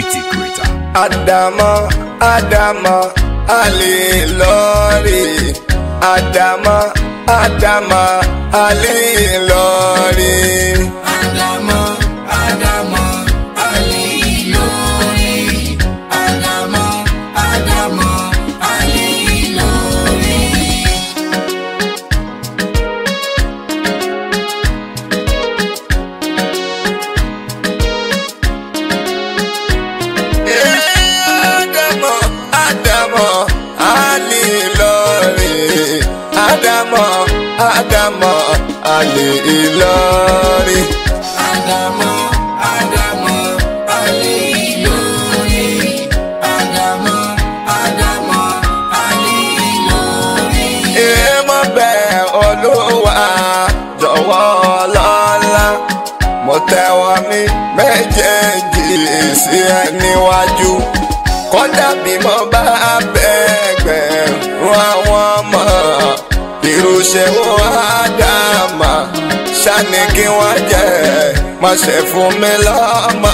Beauty Creator. Àdàmọ́ Adama, alẹ́ lọ́ọ̀rì Àdàmọ́ Àdàmọ́ alẹ́ lọ́ọ̀rì. Àdàmọ́. Ìlọrin. Àdàmú Àdàmú Ali Ìlọrin. Àdàmú Àdàmú Ali Ìlọrin. Ẹ mọ̀ bẹ́ẹ̀ olúwa jọ̀wọ́ ọlọ́lá. Mo tẹ́wọ́ mi méjèèjì sí ẹ níwájú. Kódà bí mo bá bẹ́ẹ̀ gbẹ̀rún àwọn ọmọ ìrúṣẹ́ wọn á dá mà ṣáni kí wọ́n jẹ́ má ṣe fún mi lọ́mọ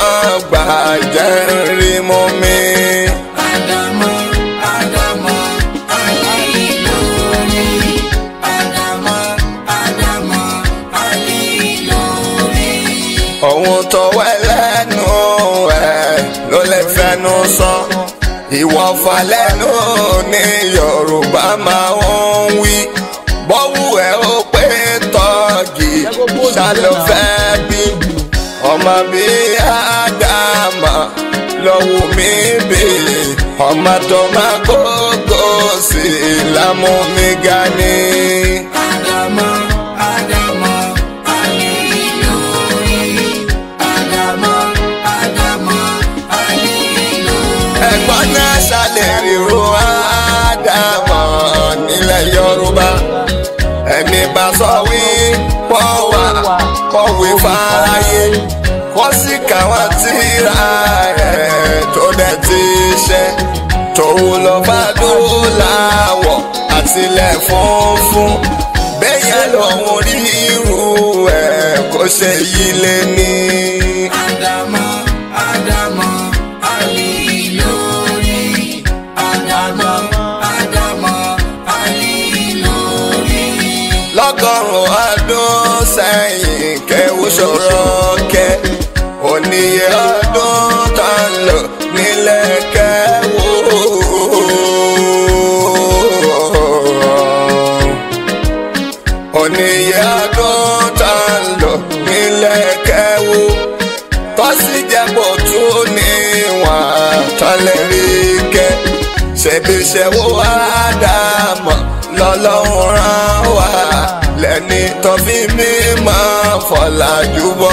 gbàjẹ́ rí mú mi. àdàmọ́ àdàmọ́ aláìlórí ní Yorùbá máa ń. ṣá ló fẹ́ gbìngbìn ọmọ bí àdàmà lọ́wọ́ mi bèèrè ọmọ tó má kókó sí i lámú mi ga ni. àdàmà àdàmà àlèlórí àdàmà àdàmà àlèlórí. ẹ̀gbọ́n náà ṣàlẹ̀ ríro àdàmà nílẹ̀ Yorùbá wọ́n sì kà wọ́n tíra ẹ̀ tó dẹ̀ ti ṣe tòun lọ bá dóòláwọ̀ àtìlẹ̀ fúnfún bẹ́yà lọ́hùn rí irú ẹ̀ kó ṣe yí lé ní. Àdàmọ́ Àdàmọ́. iye ọdún tá a lò nílẹ̀ kẹwò. oníye ọdún tá a lò nílẹ̀ kẹwò. tọ́sí jẹ́bọ̀ tó níwọ̀n àtàlẹ́ rí kẹ́ ṣèbí ṣẹ́wó àdàmọ̀ lọ́lọ́run rán wá lẹ́ni tó fi mí máa fọ̀làjú bọ́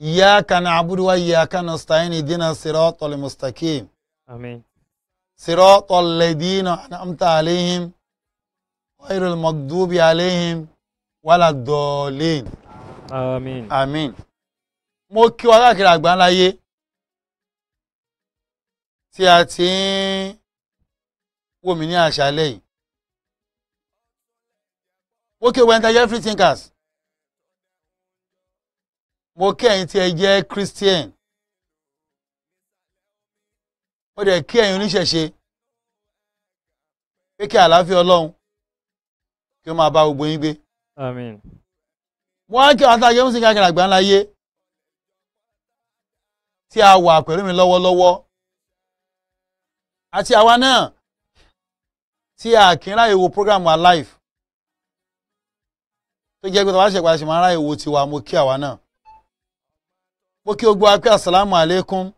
iyyaka na'budu wa iyyaka nasta'in ihdina siratal mustaqim amin siratal ladina an'amta alaihim ghayril maghdubi alaihim waladdallin amin amin mo kí wa káàkiri àgbáńláyé tí a ti ń wò mí ní àṣálẹ́ yìí mo kí wẹ́ńtà jeffrey thinkers mo kí ẹ̀yin tí ẹ jẹ́ christian mo dẹ̀ kí ẹ̀yin oníṣẹ̀ṣe pé kí àlàáfíà ọlọ́run kí ó máa bá gbogbo yín gbé. àmín. mo wá kí àwọn tá a jẹ́ mùsùlùmí káàkiri àgbà ńlá yé tí a wà pẹ̀lú mi lọ́wọ́lọ́wọ́ àti àwa náà tí a kì í ráyè wo program wa live tó jẹ́ pé tàwa ṣẹ̀pá ṣe máa ráyè wo tiwa mo kí àwa náà mo kí o gbọ́ apẹ́ asalaamu aleykum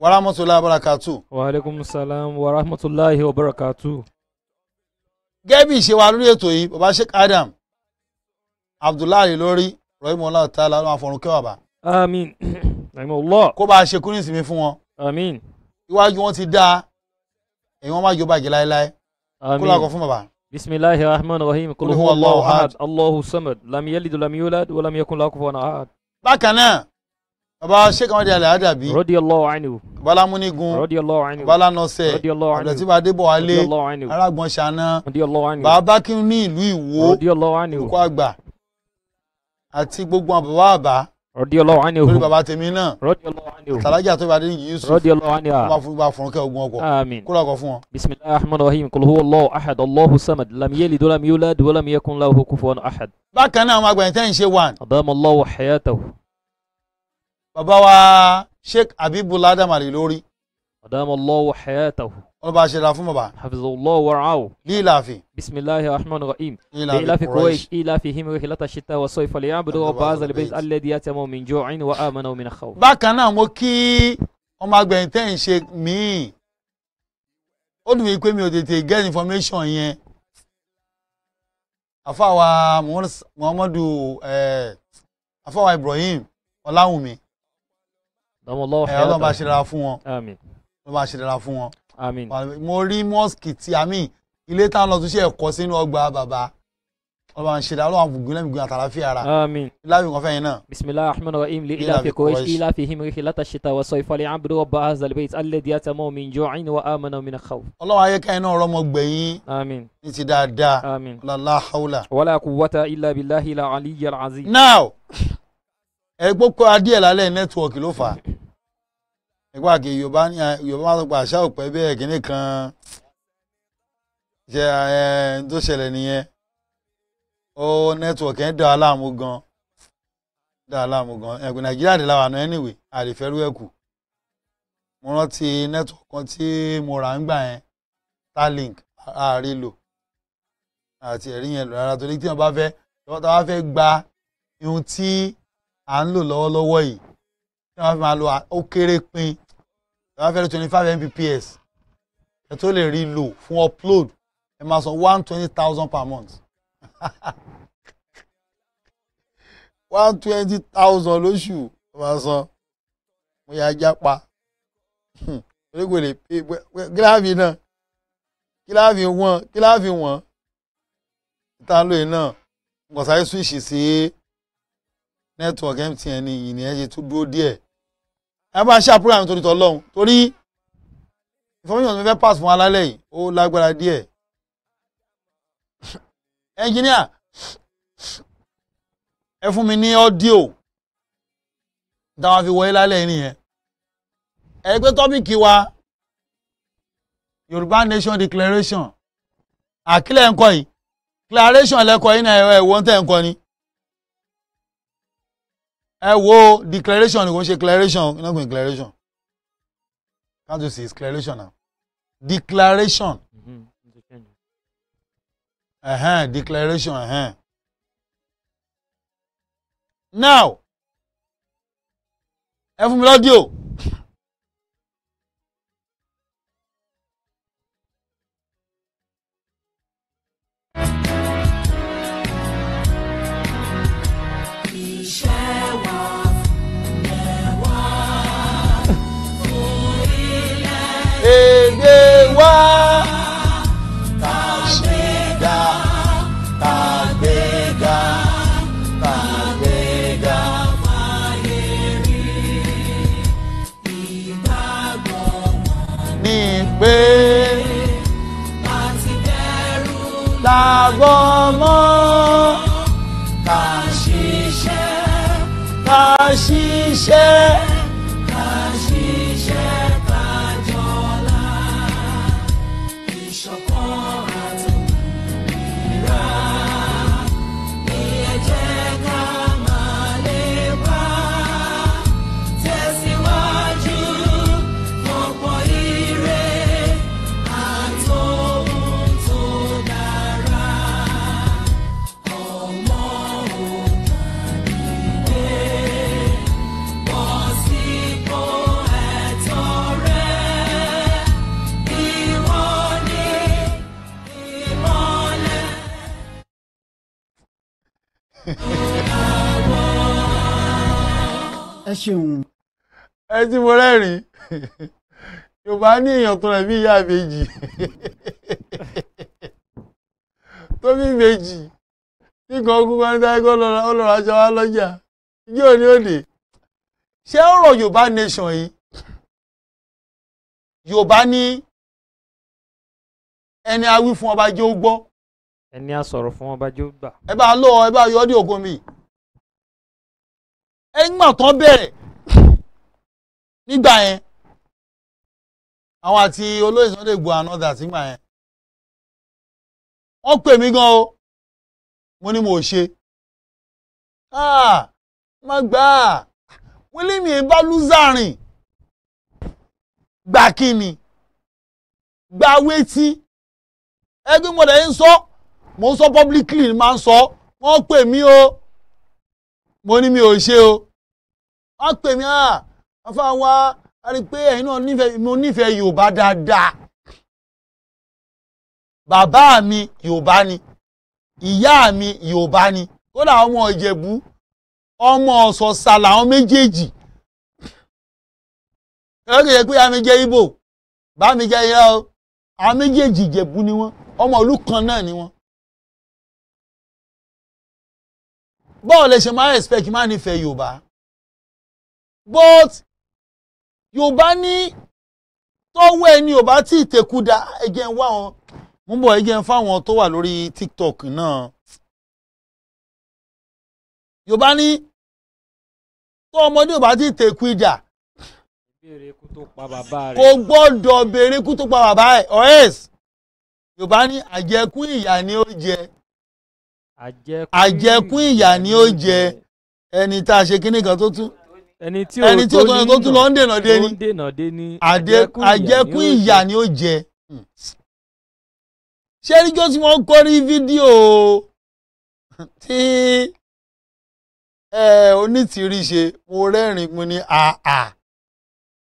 wa rahmatulahi wa barakatu. wa aleykum salaam wa rahmatulahi wa barakatu. gẹ́bí ìṣe wa lórí ètò yìí baba sheikh adam abdullahi lórí rahim allah ta'ala ló máa fọrùn kẹwàá bá. amiin rahim allah. kó bá a ṣe kúrò ìsinmi fún wọn. amiin. iwájú wọn ti dáa èyí wọn máa jọba àjẹ láéláé. amiin kó lóko fún baba. bisimilahi rahman rahim kul huwa ahad allahu samad lam yalid wa lam yakun lahu ahad. bákan náà baba sheikh amadi ali adabi radiyallahu anhu bala munigun radiyallahu anhu bala nọsẹ radiyallahu anhu ọdọtí badébọ alẹ radiyallahu anhu arágbọn ṣáná radiyallahu anhu baba kírun ní ìlú ìwó radiyallahu anhu olùkọ́ àgbà àti gbogbo àwọn bàbá àbá radiyallahu anhu lórí baba tèmi náà radiyallahu anhu àtàlájà tó bàdé yìí yusuf radiyallahu anhu wọn fún bá fún kẹ ogun ọkọ àmín kúrò ọkọ fún wọn. bisimilahi rahman rahim kul huwa allahu ahad allahu samad lam yalid walam yulad walam yakun lahu kufuwan ahad. bákan náà bàbá wa sheikh abibul adam ali lórí. adamu allahu hayatahu. wọn bá a ṣe ra fún bàbá. hafizallahu waraahu. ní ìlàfin. bisimilahi rahman rahim. ní ìlàfin kuwait ìlàfin himi rihilata shita wa sọ ìfọlẹ yàrá bàdúrà ọba azali bẹẹ alẹ di min ju'in wa amana min khawf. bákan náà mo kí ọmọ agbẹ̀yìn tẹ́ ń ṣe míì ó dùn mí pé mi ò tètè get information yẹn àfàwà muhammadu eh, àfàwà ibrahim ọláwùmí ọlọ́run bá ṣe dára fún wọn ọlọ́run bá ṣe dára fún wọn. mo rí mọ́ọ̀sì tí a mí ilé táwọn lọ tún ẹ̀kọ́ sínú ọgbà bàbá ọlọ́run bá ṣe dára ọlọ́run àbùgbìn lẹ́mìí gbìn ara. láàbì nǹkan fẹ́yìn náà. bisimilahi rahman rahim li ila fi quraish ila fi him rihi lata shita wa soifa li abdu rabba hazal bayt alladhi yatama min ju'in wa amana min khawf. ọlọ́run ayé kẹ́hìn náà rọmọ gbẹ̀yìn ní ti dáadáa. la hawla. wala quwwata illa billahi la aliyyil azim. now ẹgbẹ́ kọ́ adíẹ̀ lálẹ́ nẹ́tíwọ̀kì ló fà á nípa kí yorùbá ní yorùbá máa ń pa àṣà òpẹ́ bẹ́ẹ̀ kínní kan ṣe ẹ tó ṣẹlẹ̀ nìyẹn ó nẹ́tíwọ̀kì yẹn dá aláàmú gan dá aláàmú gan ẹ̀kùn nàìjíríà dé láwọn àná anyway àlèfẹ́rú ẹ̀kù mo rántí nẹ́tíwọ̀kì kan tí mo rà ń gbà yẹn starlink àárín lò àti ẹ̀rí yẹn lò rárá torí tí wọ́n bá fẹ́ tí wọ́n bá fẹ́ gba ihun tí à ń lò lọ́wọ́lọ́wọ́ yìí tí wọ́n fi máa lo ó kéré pin tí wọ́n fẹ́ lo twenty five mbps ẹ tó lè rí lò fún upload ẹ máa san one twenty thousand per month one twenty thousand lóṣù ẹ máa san mo yà ajá pa orígbèrè gíláàfì náà gíláàfì wọn gíláàfì wọn ìtàn lóye náà ngọ̀sáyé switch sí. Si, network MTN ìyìnlẹ̀ ṣe tún dúró díẹ̀ ẹ bá ṣe àpúrò àmì torí tọ́lọ́hún torí information mi fẹ́ pass fún alálẹ̀ yìí ó lágbára díẹ̀ engineer ẹ fún mi ní audio táwọn fi wọlé lálẹ́ yìí nìyẹn ẹ pé tọ́pìkì wa Yorùbá Nation Declaration àkílẹ̀ ń kọ́ yìí declaration lẹ́kọ̀ọ́ yìí náà ẹ̀wọ̀n tẹ̀ ń kọ́ ni ẹ wo declaration ni kò ń ṣe declaration iná gbìn declaration can't you see declaration now declaration mm uh -huh, declaration uh -huh. now ẹ fún mi lọ́díò. 我们。ẹ ṣeun. ẹ tí mo rẹ́rìn yorùbá ní èèyàn tó rẹ̀ bí ìyá méjì tó bí méjì nǹkan ogun kan ní táyégọ́ ọlọ́run aṣọ wa lọ́jà ìjọ òní òde ṣé ọ̀rọ̀ yorùbá nation yìí yorùbá ní ẹni awí fún ọba jẹ́ ó gbọ́ ẹni a sọ̀rọ̀ fún ọba jẹ́ ó gbà. ẹ bá lọ ẹ bá yọ ọ́ ní òkun mi ẹgbà tó bẹ̀rẹ̀ nígbà yẹn àwọn àti olóyè Sunday Igboho anọ́dà sígbà yẹn wọ́n pè mí gan o mo ní mo ṣe ah, má gbà á wílímì bá lùzárìn gbà kí ni gbà wétí ẹgbẹ́ mọ̀dà yín sọ. So, mo ń sọ publicly ni máa ń sọ wọ́n pè mí o mo ní mi ò ṣe o wọ́n pè mí ah, à afa wa a rí i pé ẹ̀yin náà nífẹ̀ẹ́ mo nífẹ̀ẹ́ Yorùbá dáadáa bàbá mi Yorùbá ni ìyá mi Yorùbá ni kódà ọmọ Ìjẹ̀bú ọmọ Ọ̀ṣọ̀ṣà làwọn méjèèjì ẹ̀rọ kìí ṣe pé àmì jẹ́ Ìgbò bá mi jẹ́ irọ́ àwọn méjèèjì Ìjẹ̀bú ni wọ́n ọmọ ìlú kan náà ni wọ́n bọ́ọ̀ lè ṣe máa respect máa nífẹ̀ẹ́ yorùbá but yorùbá ní tọ́wọ́ ẹni yorùbá tí ìtẹ̀kùdà ẹ̀jẹ̀ ń wá wọn mú bọ̀ ẹ̀jẹ̀ ń fáwọn tó wà lórí tiktok náà yorùbá ní tọ́ ọmọdé yorùbá tí ìtẹ̀kùdà kò gbọ́dọ̀ béèrè kú tó pa bàbá ẹ̀ ọ̀ẹ́s yorùbá ní àjẹkù ìyà ni ó jẹ àjẹkún ìyà ni ó jẹ ẹni tá a ṣe kíní kan tó tún ẹni tí ó tọ́ni tó tún lọ ń dènà dé ni àjẹkún ìyà ni ó jẹ. Hmm. ṣé níjọ́ tí wọ́n kọ́ rí fídíò tí onítìrí ṣe mo rẹ́rìn mo ní àà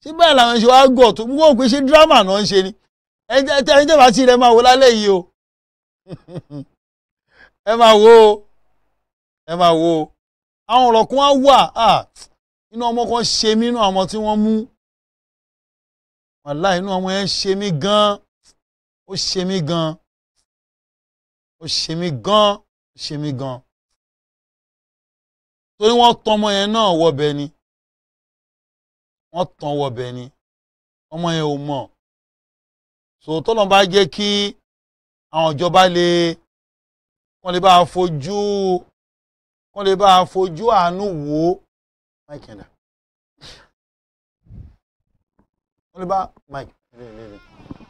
ṣé làwọn ṣe wá gọ̀ tó mú òpin ṣe dírámà náà ń ṣe ni ẹni tẹ́ ẹni tẹ́ bá ti rẹ̀ máa wò lálẹ́ yìí o. ẹ máa wo ẹ máa wo àwọn ọ̀rọ̀ kan á wà inú ọmọ kan ṣe mí inú àwọn tí wọ́n mú wàhálà inú ọmọ yẹn ṣe mí gan-an ó ṣe mí gan-an ó ṣe mí gan-an ó ṣe mí gan-an torí wọ́n tàn ọmọ yẹn náà wọbẹ̀ ni wọ́n tàn wọbẹ̀ ni ọmọ yẹn ò mọ̀ sòtọ́ lọ́n bá jẹ́ kí àwọn ìjọba lè. Le wọ́n lè bá a fojú wọ́n lè bá fojú àánú wò ó mike ẹ̀dá wọ́n lè bá mike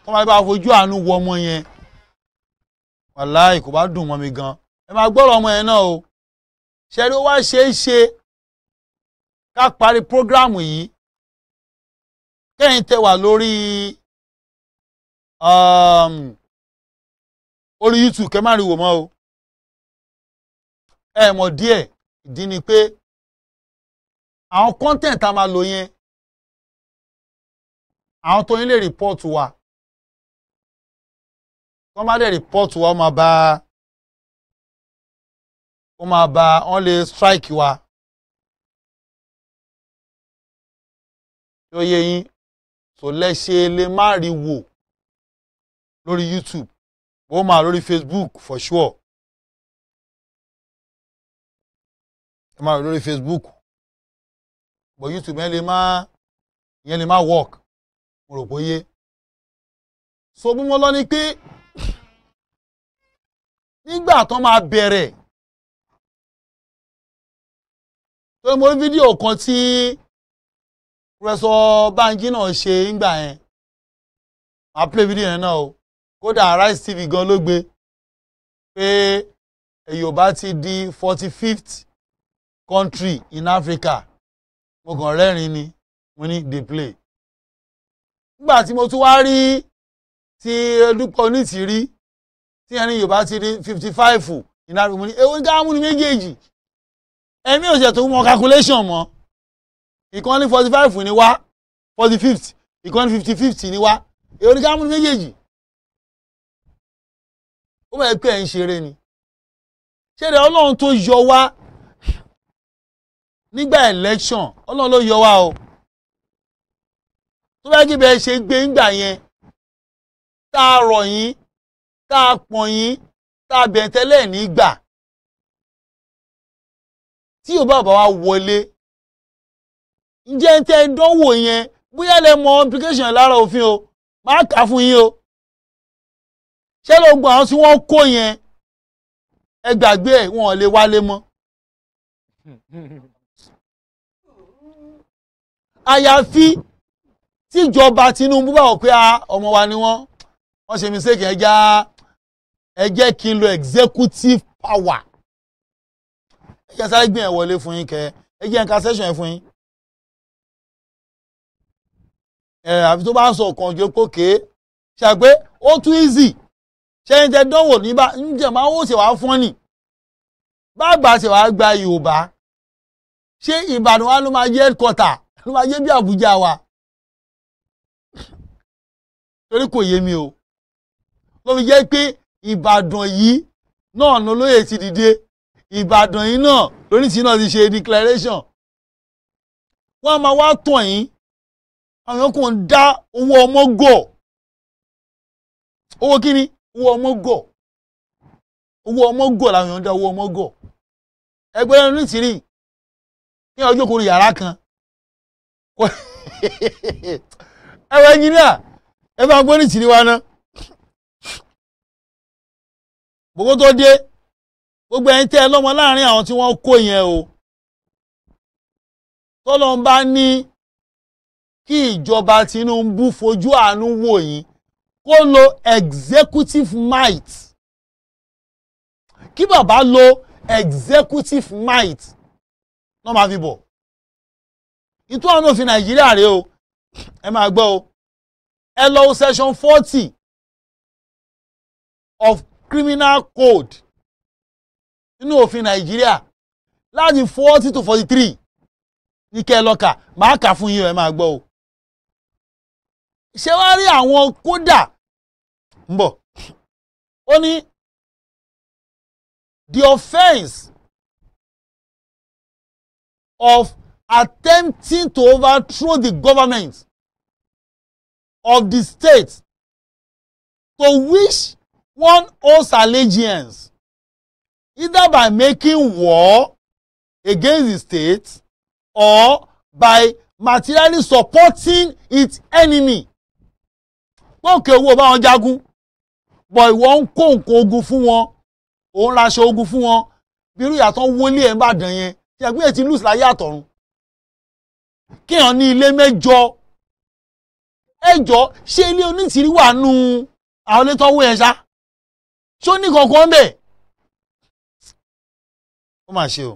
wọ́n lè bá a fojú àánú wò ọmọ yẹn wàláì kò bá dùn mọ́ mi gan ẹ máa gbọ́rọ̀ ọmọ yẹn náà o ṣẹ́ni ó wá ṣeé ṣe ká parí prógráàmù yìí kẹ́yìn tẹ wà lórí um, orí YouTube kẹ́ má rí wò mọ́ o ẹ mọ̀ díẹ̀ ìdí ni pé àwọn content tá a máa lò yẹn àwọn tó yín lè report wa wọ́n bá dẹ̀ report wa ó máa bá ó máa bá wọ́n lè strike wa tó yẹ yín tó lẹ́ṣẹ̀ lè má rí wò lórí YouTube ó máa lórí Facebook for sure. ẹ máa rẹ lórí Facebook but YouTube yẹn lè má yẹn lè má work mo rò pé yé so bí mo lọ ni pé nígbà tó máa bẹ̀rẹ̀ tó ní mo rí fídíò kan tí pẹ̀sọ báńkì náà ṣe ńgbà yẹn máa play fídíò yẹn náà o kódà Arise TV gan ló gbé pé Yorùbá ti di forty fifth country in Africa mo kàn rẹ́rìn ni mo ní dey play nígbà tí mo tún wá rí ti Dúpẹ́ Onítìrí tí ẹni Yorùbá ti rí fifty five in Africa mo ní ewu ní káwọn múni méjèèjì ẹ̀mí ò ṣètò mọ calculation mọ́ ìkànnì forty five ni wá forty fifty ìkànnì fifty fifty ni wá èyí ni ká múni méjèèjì ó bẹ̀rẹ̀ pé ẹ̀ ń ṣeré ni ṣé ẹ̀rẹ̀ ọlọ́run tó yọ wá nígbà election ọlọ́run ló yọ wá o tó bá kí bẹ́ẹ̀ ṣe gbé ńgbà yẹn tá a rọ̀ yín tá a pọ̀n yín tá a bẹ̀ẹ̀ tẹ́lẹ̀ nígbà tí yóò bá bá wa wọlé ǹjẹ́ tẹ́ ẹ dánwò yẹn bóyá lẹ mọ implication lára òfin o máa kà fún yín o ṣé ló gbọ́ àwọn tí wọ́n kó yẹn ẹ gbàgbé ẹ̀ wọn lè wálé mọ́. àyàfi tíjọba Tinubu bá wọ pé ah, ọmọ wa ni wọ́n wọ́n ṣe mistake ẹja ẹ jẹ́ kí n lo executive power ẹ jẹ́ sáré gbìyànjú wọlé fún yín kẹ ẹ jẹ́ nǹkan session ẹ fún yín ẹ àfi tó bá sọ ọ̀kan jẹ́ pókè ṣàgbé ó tún easy ṣẹ́yìn tẹ dánwò níbà ǹjẹ́ máa ó ṣe wàá fún ni bá àgbà ṣe wàá gba Yorùbá ṣé Ìbàdàn wa ló máa jẹ́ headquarter láyé bí Àbújá wa torí kò yé mi o ló fi jẹ́ pé Ìbàdàn yìí náà ni olóyè ti dìde Ìbàdàn yìí náà lónìtì náà ti ṣe declaration wọ́n á máa wá tàn yín àwọn kò ń dá owó ọmọ gọ̀ owó kí ni owó ọmọ gọ̀ owó ọmọ gọ̀ làwọn èèyàn ń dá owó ọmọ gọ̀ ẹgbẹ́ lẹ́nu nítìrí ní ọjọ́ kò yàrá kan ẹwọ ẹnjìníà ẹ bá gbóni tìrí wa ná gbogbo tó dé gbogbo ẹ̀yin tẹ́ ẹ lọ́mọ láàrin àwọn tí wọ́n kó yẹn o tọ́lọ́n bá ní kí ìjọba Tinubu fojú àánú wò yín kó lo executive might kí bàbá lo executive might náà máa fi bọ̀ ìtú àwọn òfin nàìjíríà rèé o ẹ máa gbọ́ o ẹ lọ section forty of criminal code nínú òfin nàìjíríà láti forty to forty three ní kẹ́ ẹ lọ kà máa kà fún yín ẹ máa gbọ́ o ṣé wàá rí àwọn kódà ń bọ̀ ó ní the offence of attempting to overthrow the government of the state to which one owes allegiance either by making war against the state or by materially supporting its enemy. wọn kì í wo báwọn jagun bọ̀ ìwọ ń kó nǹkan ogun fún wọn òun laṣọ ogun fún wọn bí irú ìyàtọ̀ wọlé ẹ̀ ń bàdàn yẹn tí ẹgbẹ́ ti lùsì àtọ̀run kéèyàn ní ilé mẹ́jọ ẹjọ ṣé ilé onítìrí wà nù àwọn ilé tọ́wọ́ ẹ̀ ṣá ṣó ní kankan ń bẹ̀ ó mà ṣe o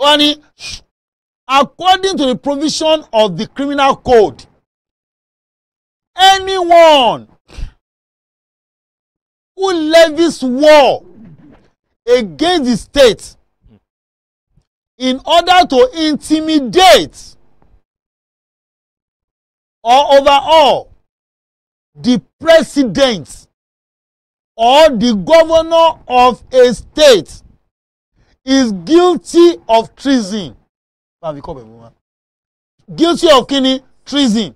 wọ́n ní according to the provision of the criminal code anyone who levies war against the state in order to intimidate or overall, the president or the governor of a state is guilty of treason. Guilty of kini treason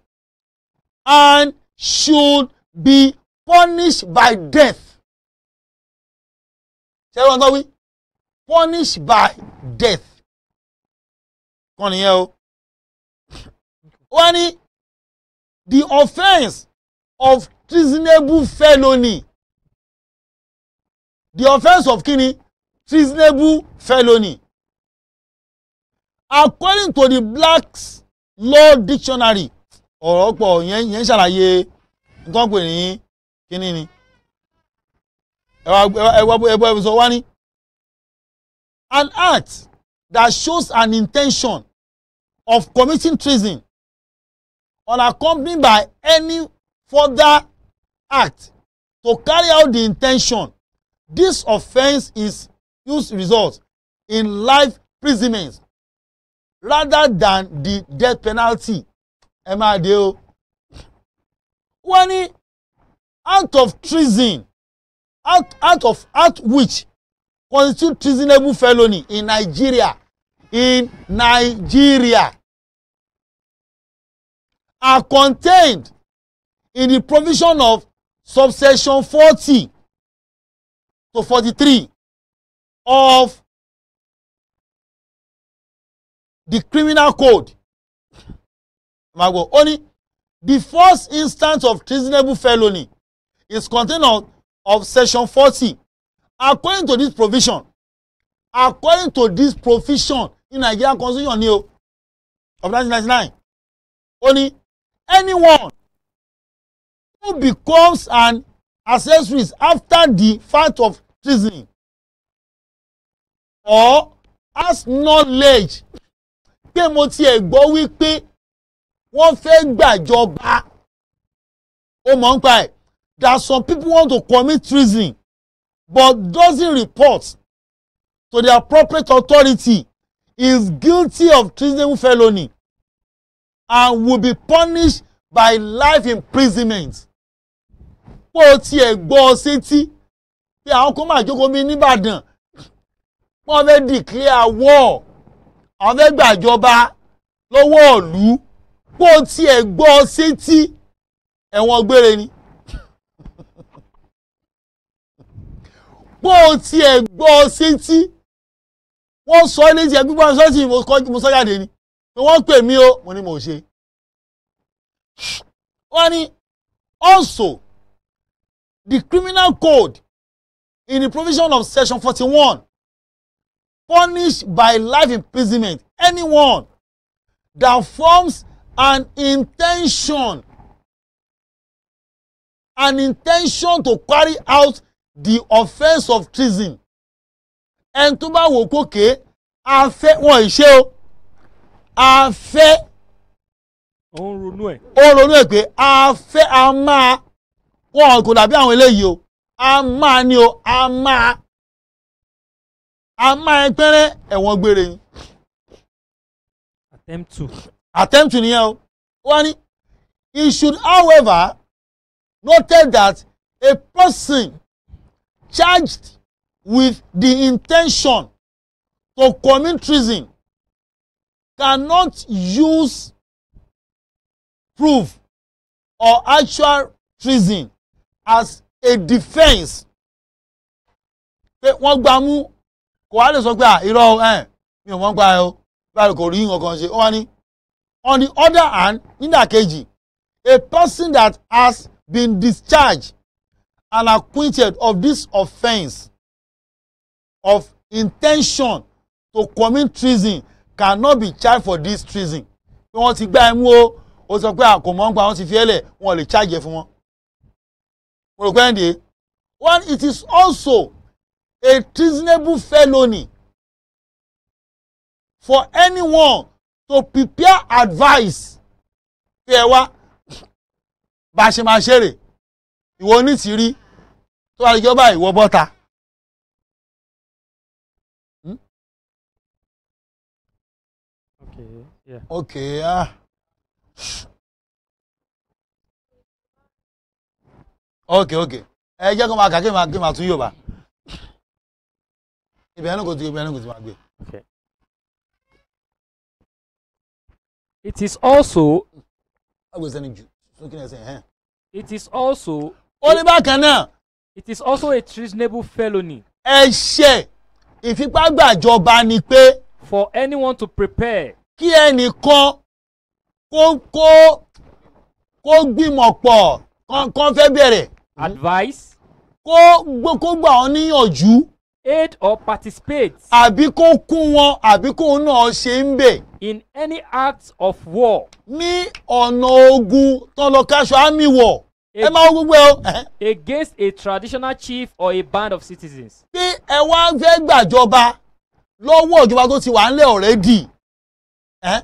and should be punished by death. Ṣé wọ́n tọ́ wí? Punished by death kan nìyẹn o wọ́n ní the offence of treasonable felony the offence of kini treasonable felony according to the Black's Law Dictionary ọ̀rọ̀ pọ̀ yẹn yẹn ṣàlàyé nǹkan pè ní kínní ni ẹ̀wọ́ ẹ̀bùsọ̀ wá ní an act that shows an intention of committing treason or accompanied by any further act to carry out the intention this offence is used result in life imprisonment rather than the death penalty ẹ máa o wọ́n act of treason act act of act which constitute treasonable felony in Nigeria in Nigeria are contained in the provision of subsection 40 to 43 of the criminal code magbo only the first instance of treasonable felony is contained on, of section 40 according to this provision according to this provision ní Nigerian constitution ni o of 1999 ó ní anyone who becomes an accessory after the fact of treason or has knowledge pé mo tiẹ̀ gbọ́ wípé wọ́n fẹ́ gbàjọba ó mọ̀ ń pa ẹ̀ that some people want to commit treason but doesn't report to the appropriate authority is guilty of treasonable felony and will be punished by life imprisonment. Pọ́ tiẹ̀ gbọ́ ọ sétí bí àwọn kan máa jókòó mi nìbàdàn wọ́n fẹ́ declare war àwọn fẹ́ gbàjọba lọ́wọ́ ìlú pọ́ tiẹ̀ gbọ́ ọ sétí ẹ̀wọ̀n gbére ni. Pọ́ tiẹ̀ gbọ́ ọ sétí wọ́n sọ ní tiẹ̀ gbígbọ́n sọ́ọ̀tì mo sọ jáde ni wọ́n pè mí o mo ní mo ṣe. wọ́n ní also the criminal code in the provision of section forty-one punish by life imprisonment anyone that forms an intention an intention to carry out the offence of treason ẹni tó bá wò kókè a fẹ́ wọn ìṣe o a fẹ́ ó ronú ẹ̀ pé a fẹ́ a máa wọn kò dàbí àwọn eléyìí o a máa ni o a máa a máa ẹ ẹ̀wọ̀n gbére yín. attempt to. attempt to nìyẹn o wọ́n ní it should however note that a person charged with the intention to commit treason cannot use proof or actual treason as a defence pé wọ́n gbá mú kò wá lè sọ pé irọ́ mi ò wọ́n gbá ẹ báyìí kò rí nǹkan ṣe ó ní. on the other hand nídàkejì a person that has been discharged and acquitted of this offence of intention to commit treason cannot be charged for this treason pé wọ́n ti gbá ẹmú o ó sọ pé àkòmọ́ngbà wọ́n ti fi ẹlẹ̀ wọn lè charge ẹ fún wọn. mo rò pé ẹ̀ ń dé one it is also a treasonable felony for anyone to prepare advice pé ẹ wá bá a ṣe máa ṣeré ìwọ onítìrí tó bá lè jọba ìwọ bọ́ta. Yeah. Okay. Uh, okay okay ẹ jẹ́ kó máa kà kí máa kí máa tún Yorùbá ibi ẹnu kò ti ibi ẹnu kò ti máa gbé. Okay. It is also. agbèsè ni jù sókè ẹsẹ̀ ẹ̀hẹ́n. It is also. ó ní bákan náà. It is also a treasonable felony. ẹ̀ṣẹ̀ ìfipágbàjọba ni pé. For anyone to prepare kí ẹnìkan kó kó kó gbìmọ̀ pọ̀ kan fẹ́ bẹ̀rẹ̀. advice. kó kó gbà ọ́ níyànjú. aid or participate. àbí kó kún wọn àbí kóun náà ṣe ń bẹ̀. in any act of war. ní ọ̀nà ogun tán lọ káṣọ àmì wọ̀ ẹ máa wọ gbogbo ẹ. against a traditional chief or a band of citizens. bí ẹ wá fẹ́ gbàjọba lọ́wọ́ ìjọba tó ti wà ńlẹ̀ already Eh?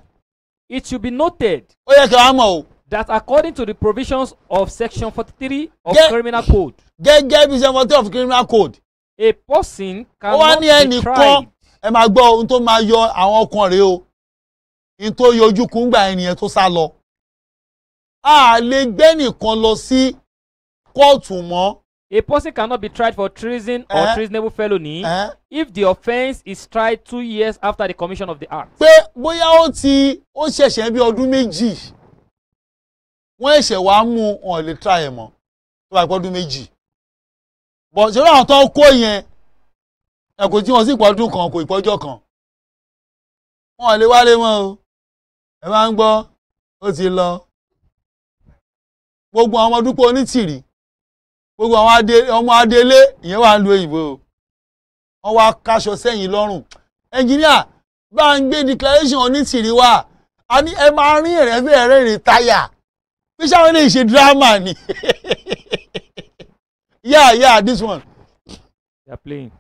It should be noted. Ó yẹ kí wàá mọ̀ o. That according to the provisions of section forty-three of Ge criminal code. Gẹ́gẹ́ bí section forty-three of criminal code. A person cannot oh, be tried. Ó wá ní ẹnìkan ẹ máa gbọ́ ohun tó máa yọ àwọn ọkàn rẹ̀ o. Ohun tó yọjú kún gbà ènìyàn tó sá lọ. A lè gbé lọ sí kóòtù mọ́ A person cannot be tried for treason eh? or treasonable felony eh? if the offence is tried two years after the commission of the act. pé bóyá ó ti ó ṣẹ̀ṣẹ̀ bí ọdún méjì wọ́n ẹ̀ṣẹ̀ wàá mú wọn lè tra ẹ̀ mọ́ tó bá pọ́ ọdún méjì bọ̀ ṣẹ́rọ àwọn tó kó yẹn ẹ̀kọ́ tí wọ́n sì pọ̀ kan kò ìpọ́jọ́ kan wọn lè wálé wọn o ẹ máa ń gbọ́ ó ti lọ gbogbo àwọn ọmọ dúpọ̀ onítìrì gbogbo àwọn ọmọ adélé ìyẹn wà ń lu òyìnbó wọ́n wá káṣọ sẹ́yìn lọ́rùn ẹnjìníà bá ń gbé declaration onítìrí wá a ní ẹ máa rí ẹ̀rẹ́fẹ́ ẹ̀rẹ́ ìrìtáyà bí sáwọn lè ṣe drama ni yeah yeah this one. they are playing.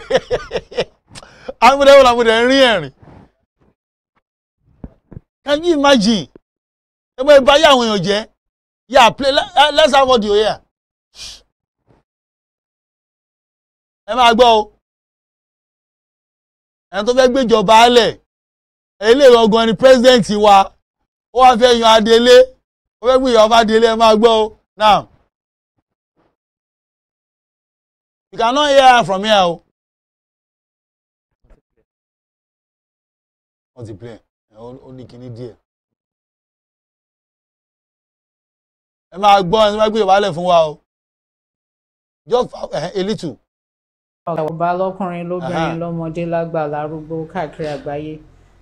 amúdẹ́wò làmúdẹ́ rí ẹ̀rìn can you imagine ẹ bọ́ ẹ bá yà àwọn èèyàn jẹ́ Yeah, play. Let, uh, let's have audio here. Ẹ máa gbọ́ o. Ẹni tó fẹ́ gbéjọba alẹ̀. Eléyìí ọgbọ́n ni president wa. Ó wá you yan delay? Ó we have Adélé. delay. Am I go? Now. You cannot hear from here o. Multiplayer. Ó ní kinní díẹ̀. ẹ máa gbọ́ ẹ máa gbé Yorùbá lẹ̀ fún wa o just a little. Yorùbá lọ́kùnrin lóbìnrin lọ́mọdé lágbà lárúgbó káàkiri àgbáyé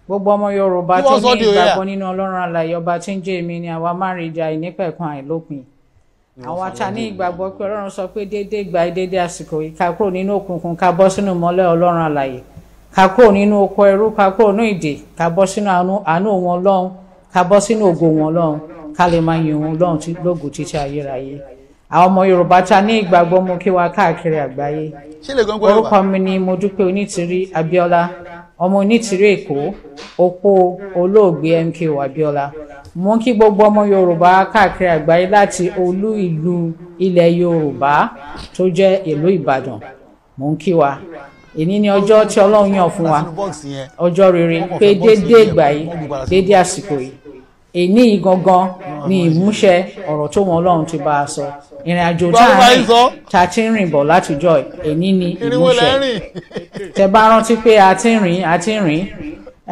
gbogbo ọmọ Yorùbá tó ní ìgbàgbọ́ nínú Ọlọ́run alààyè ọba tí ń jẹ́ èmi ni àwa máa rìn ìjà ìnípẹ̀kun àìlópin àwọn ata ní ìgbàgbọ́ pé Ọlọ́run sọ pé déédéé ìgbà déédéé àsìkò yìí ká kúrò nínú òkùnkùn ká bọ́ sínú ìmọ́lẹ̀ Ọlọ́run alààyè ká kúrò nínú oko ẹrú ká kúrò nínú ìdè ká bọ́ sínú àánú òun Ọlọ́run ká bọ́ sínú ògo òun Ọlọ́run ká lè máa yin òun lọ́run lógo títí ayérayé àwọn ọmọ yorùbá ta ní ìgbàgbọ́ mú kí wá káàkiri àgbáyé orúkọ mi ni modúpẹ́ onítìrí abíọ́lá ọmọ onítìrí èkó opó olóògbé mko abíọ́lá mú kí gbogbo ọmọ yorùbá káàkiri àgbáyé láti olú ìlú ilẹ̀ yorùbá tó jẹ́ ìlú ìbàdàn mú kí wa èní ni ọjọ́ tí ọlọ́run yàn fún wa ọjọ́ rere pé déédéé ìgbà yìí déédéé àsìkò yìí èní gangan ni ìmúṣẹ ọ̀rọ̀ tó wọn Ọlọ́run ti bá a sọ ìrìn àjò tá a ti ń rìn bọ̀ látijọ́ èní ni ìmúṣẹ tẹ bá rántí pé a ti ń rìn a ti ń rìn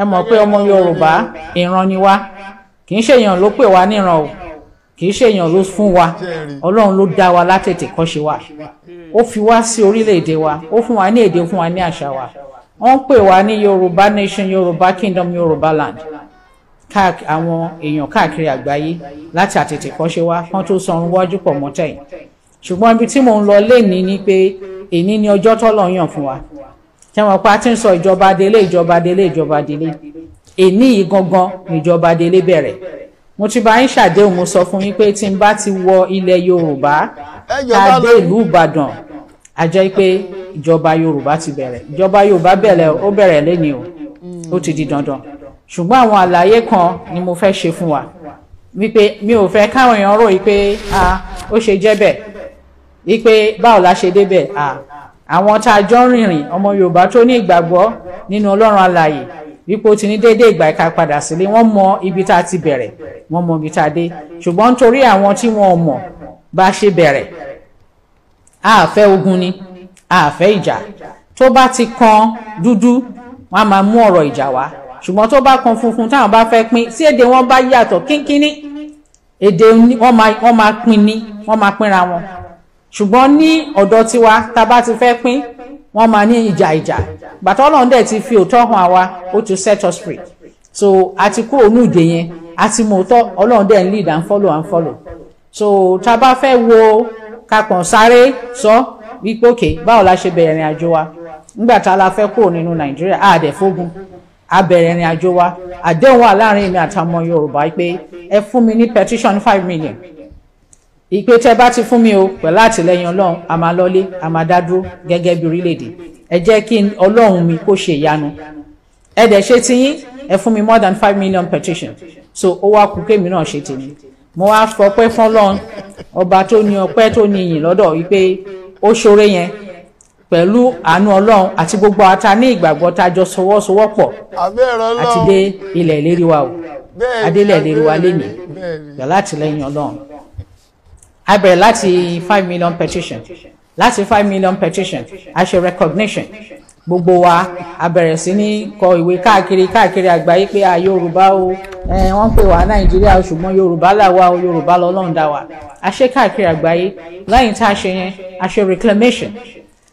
ẹ mọ̀ pé ọmọ Yorùbá ìran ni wá kì í ṣèyàn ló pè wá níran o kì í ṣèyàn ló fún wa Ọlọ́run ló dá wa látètè kọ́ṣe wa ó fi wá sí orílẹ̀ wa ó fún wa ní èdè fún wa ní àṣà wa wọ́n pè wá ní Yorùbá nation Yorùbá kingdom Yorùbá land. Yeah àwọn èèyàn káàkiri àgbáyé láti àtètè kọ́ṣe wá kán tó san wájú pọ̀ mọ́tẹ̀ yìí ṣùgbọ́n ibi tí mò ń lọ léèní ni pé èní ni ọjọ́ tọ́lọ̀ yàn fún wa tẹ́wọ̀n pa ti ń sọ ìjọba délé ìjọba délé ìjọba délé èní yìí gangan níjọba délé bẹ̀rẹ̀ mo ti bá yín ṣàdéhùn mo sọ fún yín pé tí n bá ti wọ ilẹ̀ yorùbá ká ìlú ìbàdàn a jẹ́ pé ìjọba yorùbá ti bẹ̀rẹ̀ ìjọba yorùbá bẹ̀rẹ̀ ó bẹ̀rẹ̀ lẹ́ni o ó ti di dandan ṣùgbọ́n àwọn àlàyé kan ni mo fẹ́ ṣe fún wa wípé mi ò fẹ́ káwọn èèyàn rò wípé a ó ṣe jẹ́ bẹ́ẹ̀ wípé báwo la ṣe débẹ̀ a àwọn tá a jọ ń rìnrìn ọmọ Yorùbá tó ní ìgbàgbọ́ nínú Ọlọ́run alààyè wípé ó ti ní déédéé ìgbà ìka padà sílé wọ́n mọ ibi tá a ti bẹ̀rẹ̀ wọ́n mọ ibi tá a dé ṣùgbọ́n nítorí àwọn tí wọ́n mọ̀ bá ṣe bẹ̀rẹ̀ a fẹ́ ogun ni a fẹ́ ìjà tó bá ti kan dúdú wọ́n á máa mú ọ̀rọ̀ ìjà wá ṣùgbọ́n tó bá kan funfun táwọn bá fẹ́ pín sí èdè wọn bá yàtọ̀ kínkínní èdè wọn máa pín ní wọn máa pínra wọn ṣùgbọ́n ní ọ̀dọ̀ tiwa tá a bá ti fẹ́ pín wọ́n máa ní ìjà ìjà bàtà ọlọ́run dẹ̀ ti fi òótọ́ hàn àwa ó ti set us free so a ti kó ònú ìdè yẹn a ti mọ òótọ́ ọlọ́run dẹ̀ ń lead and follow and follow so tá a bá fẹ́ wo kapọ̀n sáré sọ wípé òkè báwo la ṣe bẹ̀rẹ̀ ìrìn àjò wa nígbà tá a la fẹ́ kúrò nínú nàìjíríà àdẹ̀fógun. Ah, a bẹ̀rẹ̀ ìrìn àjò wa àdéhùn wà láàrin èmi àtàwọn Yorùbá pé ẹ fún mi ní petition five million ìpè tẹ bá ti fún mi o pẹ̀lú àtìlẹyìn Ọlọ́run a máa lọlé a máa dá dúró gẹ́gẹ́ bí orílẹ̀-èdè ẹ jẹ́ kí Ọlọ́run mi kó ṣe ìyanu ẹ dẹ̀ ṣe tiyín ẹ fún mi more than five million petition so ó wá kú kémi náà ṣe tèmi mo wá fọpẹ́ fọlọ́run ọba tó ní ọpẹ́ tó ní ìyìn lọ́dọ̀ wípé ó ṣoore yẹn pẹ̀lú àánú ọlọ́run àti gbogbo ata ní ìgbàgbọ́ tá a jọ sọwọ́sowọ́pọ̀ àti dé ilẹ̀ ìlérí wa o adélẹ̀ ìlérí wa lé mi yọ láti lẹ́yìn ọlọ́run a bẹ̀rẹ̀ láti five million petition láti five million petition a ṣe recognition gbogbo wa a bẹ̀rẹ̀ sí ní kọ ìwé káàkiri káàkiri àgbáyé pé a yorùbá o wọ́n pè wá nàìjíríà ṣùgbọ́n yorùbá làwa o yorùbá lọ́lọ́run dá wa a ṣe káàkiri àgbáyé lẹ́yìn tá a ṣe yẹn a ṣe reclamation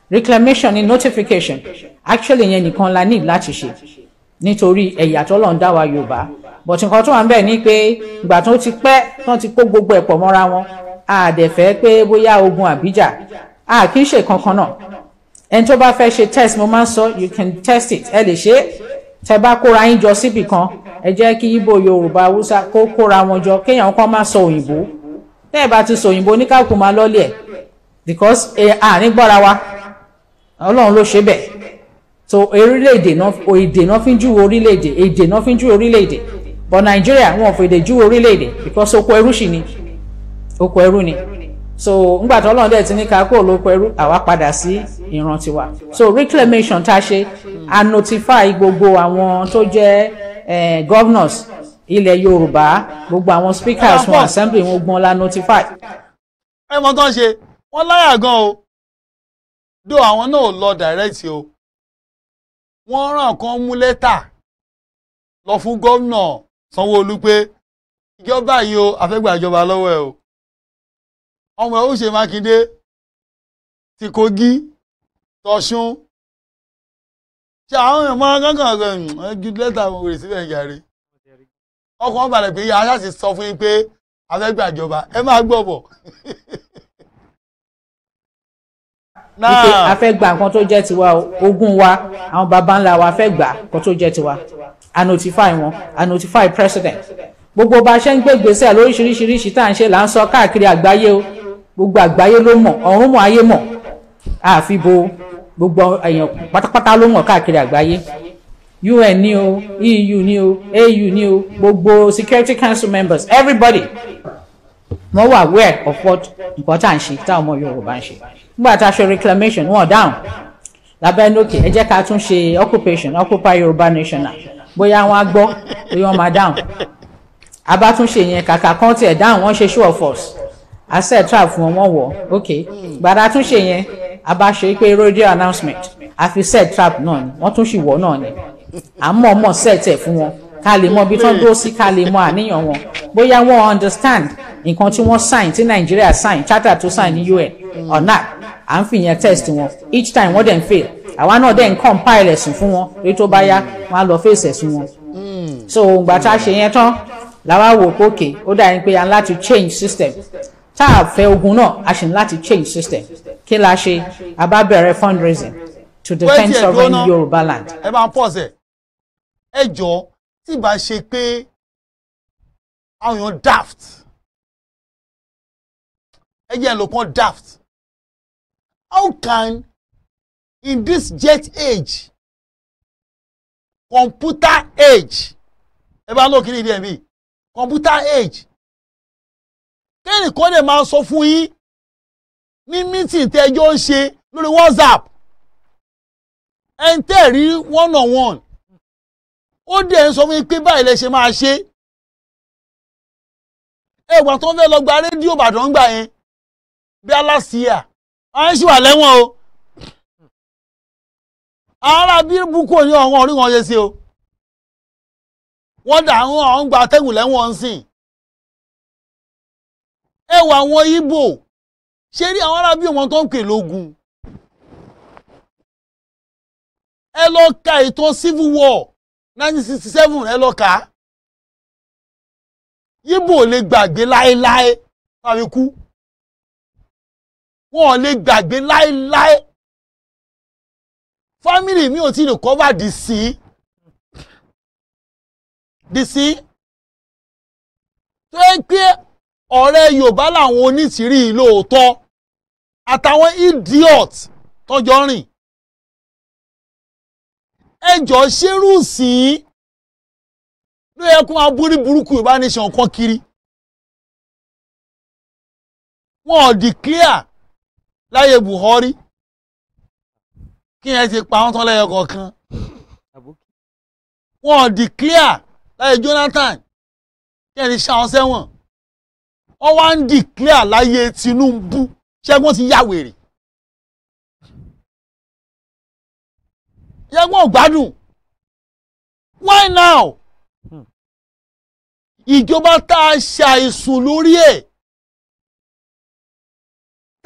reclamation ni notification actually yẹn nìkan la need láti ṣe nítorí ẹ̀yà tọ́lọ̀ ń dá wa yorùbá but nǹkan tó wà ń bẹ̀ ni pé ìgbà tó ti pẹ́ tó ti kó gbogbo ẹ̀ pọ̀ mọ́ra wọn a dẹ̀ fẹ́ pé bóyá ogun àbíjà a kì í ṣe kankan náà ẹni tó bá fẹ́ ṣe test mo máa ń sọ you can test it ẹ lè ṣe é tẹ bá kóra yín jọ síbì kan ẹ jẹ́ kí ibo yorùbá haúsá kó kóra wọn jọ kéèyàn kan máa sọ òyìnbó tẹ́ ẹ bá ti sọ òyìnbó oníkàkùn máa lọ́lẹ̀ because àárín eh, gbọ́ra wa ọlọ́run ló ṣe bẹ́ẹ̀ so orílẹ̀-èdè náà èdè náà fi ń júwe orílẹ̀-èdè èdè náà fi ń júwe orílẹ̀-èdè but Nigeria wọn ò fèdè júwe orílẹ̀-èdè because oko ẹrú sì ni oko ẹrú ni so ngbà tó ọlọ́run dẹ̀ ti ní ká kúrò lóko ẹrú àwa padà sí ìran tiwa so reclamation tá a ṣe a notify gbogbo àwọn tó jẹ́ eh, governors ilẹ̀ Yorùbá gbogbo àwọn speakers wọn assembly wọn gbọ́n la notify. ẹ mọ tán ṣe wọn láyà gan o dó àwọn náà lọ direct o wọ́n ràn kan mú lẹ́tà lọ fún gómìnà Sanwó-Olú pé ìjọba yìí o afẹ́gbà ìjọba lọ́wọ́ ẹ o ọmọ ẹ ó ṣe Mákindé ti Kogi tọ̀ṣun ṣe àwọn èèyàn máa gángan hmm, ẹ ju lẹ́tà òwe síbẹ̀ ń yàrí ọkàn balẹ̀ pé yàrá sì sọ fún yín pé afẹ́gbà ìjọba ẹ máa gbọ́ bọ̀. wípé a fẹ́ gba nǹkan tó jẹ́ tiwa ogún wa àwọn baba ńlá wa fẹ́ gba nǹkan tó jẹ́ tiwa a notify wọn a notify president gbogbo bá a ṣe ń gbé gbèsè lóríṣiríṣiríṣi tá à ń ṣe là ń sọ káàkiri àgbáyé o gbogbo àgbáyé ló mọ̀ ọ̀run mọ̀ ayé mọ̀ àfi bo gbogbo èèyàn pátápátá ló mọ̀ káàkiri àgbáyé UN ni o EU ni o AU ni o gbogbo Security Council members everybody wọ́n wà aware of what nǹkan tá à ń ṣe táwọn ọmọ Yorùbá ń ṣe nígbà tá a ṣe reclamation wọn dáhùn lábẹ́nu òkè ẹ jẹ́ ká tún ṣe occupation occupy yorùbá nation náà bóyá wọn á gbọ́ bóyá wọn máa dáhùn abátúnṣe yẹn kàkà kan tiẹ̀ dáhùn wọ́n ṣe show of force àṣẹ trap fún wọn wọ̀ ok gbàdá túnṣe yẹn abáṣe pé radio announcement àfi set trap náà ni wọ́n tún ṣì wọ̀ náà ni àmọ́ mọ̀ set ẹ̀ fún wọn ká lè mọ ibi tán dúró sí ká lè mọ àníyàn wọn bóyá wọ́n understand nǹkan tí wọ́n sign tí nàìjíríà sign charter to sign ní un or not à ń fi yẹn test wọn each time wọ́n dẹ̀ ń fail àwa náà dẹ̀ ń compile ẹ̀sùn fún wọn rí tó bá yá wọ́n á lọ face ẹ̀sùn wọn. so ìgbà tá a ṣe yẹn tán làwa wò pé òkè ó dà ní pé a ń láti change system tá a fẹ́ ogun náà a sì ń láti change system kí la ṣe a bá bẹ̀rẹ̀ fundraising to defend sovereign Yorùbá land. ẹ máa ń pause ẹ ẹ jọ tí ì bá ṣe pé àwọn èèyàn daft ẹ jẹ́ ẹ̀ lò pọ́n daft How can in this jet age computer age ẹ bá lóò kíní ibi ẹ̀ computer age kẹ́ni kan lè máa sọ fún yín ní meeting tẹ́jọ́ ń ṣe lórí WhatsApp ẹ̀ ń tẹ̀rí one on one ó dẹ̀ ń sọ fún yín pé báyìí lẹ ṣe máa ṣe ẹ̀wà tó ń fẹ́ lọ gba rédíò Ìbàdàn gbà yẹn bí aláṣìíà ọ̀rẹ́ sì wà lẹ́wọ̀n o ara bí búkú ní ọ̀wọ́n orí wọn ṣe sí o wọ́n dà ń ọ̀hún gba atẹ́gùn lẹ́wọ̀n ń sìn ẹ wà àwọn Ìgbò ṣe rí àwọn arábí wọn tó ń pè lógun ẹ lọ ka ìtàn civil war nineteen sixty seven ẹ lọ kà á Ìgbò lè gbàgbé láéláé tàbí kú wọn ò lè gbàgbé láéláé family mi ò ti recover di sí di sí tó ń pé ọ̀rẹ́ Yorùbá làwọn onítìrí lóòótọ́ àtàwọn idiot tọjọ́ rìn ẹjọ́ ṣerú sí ló yẹ kó máa borí burúkú ìbánisẹ̀ nǹkan kiri wọn ò declare láyé Buhari kí yẹn ti pa wọ́n tán lẹ́yọ kọ̀ọ̀kan wọn ò declare láyé Jonathan kí yẹn ti ṣá wọn sẹ́wọ̀n wọ́n wá ń declare láyé Tinubu ṣẹ́gun ti yá wèrè ṣẹ́gun ò why now hmm. ìjọba tá a ṣàìsùn lórí ẹ̀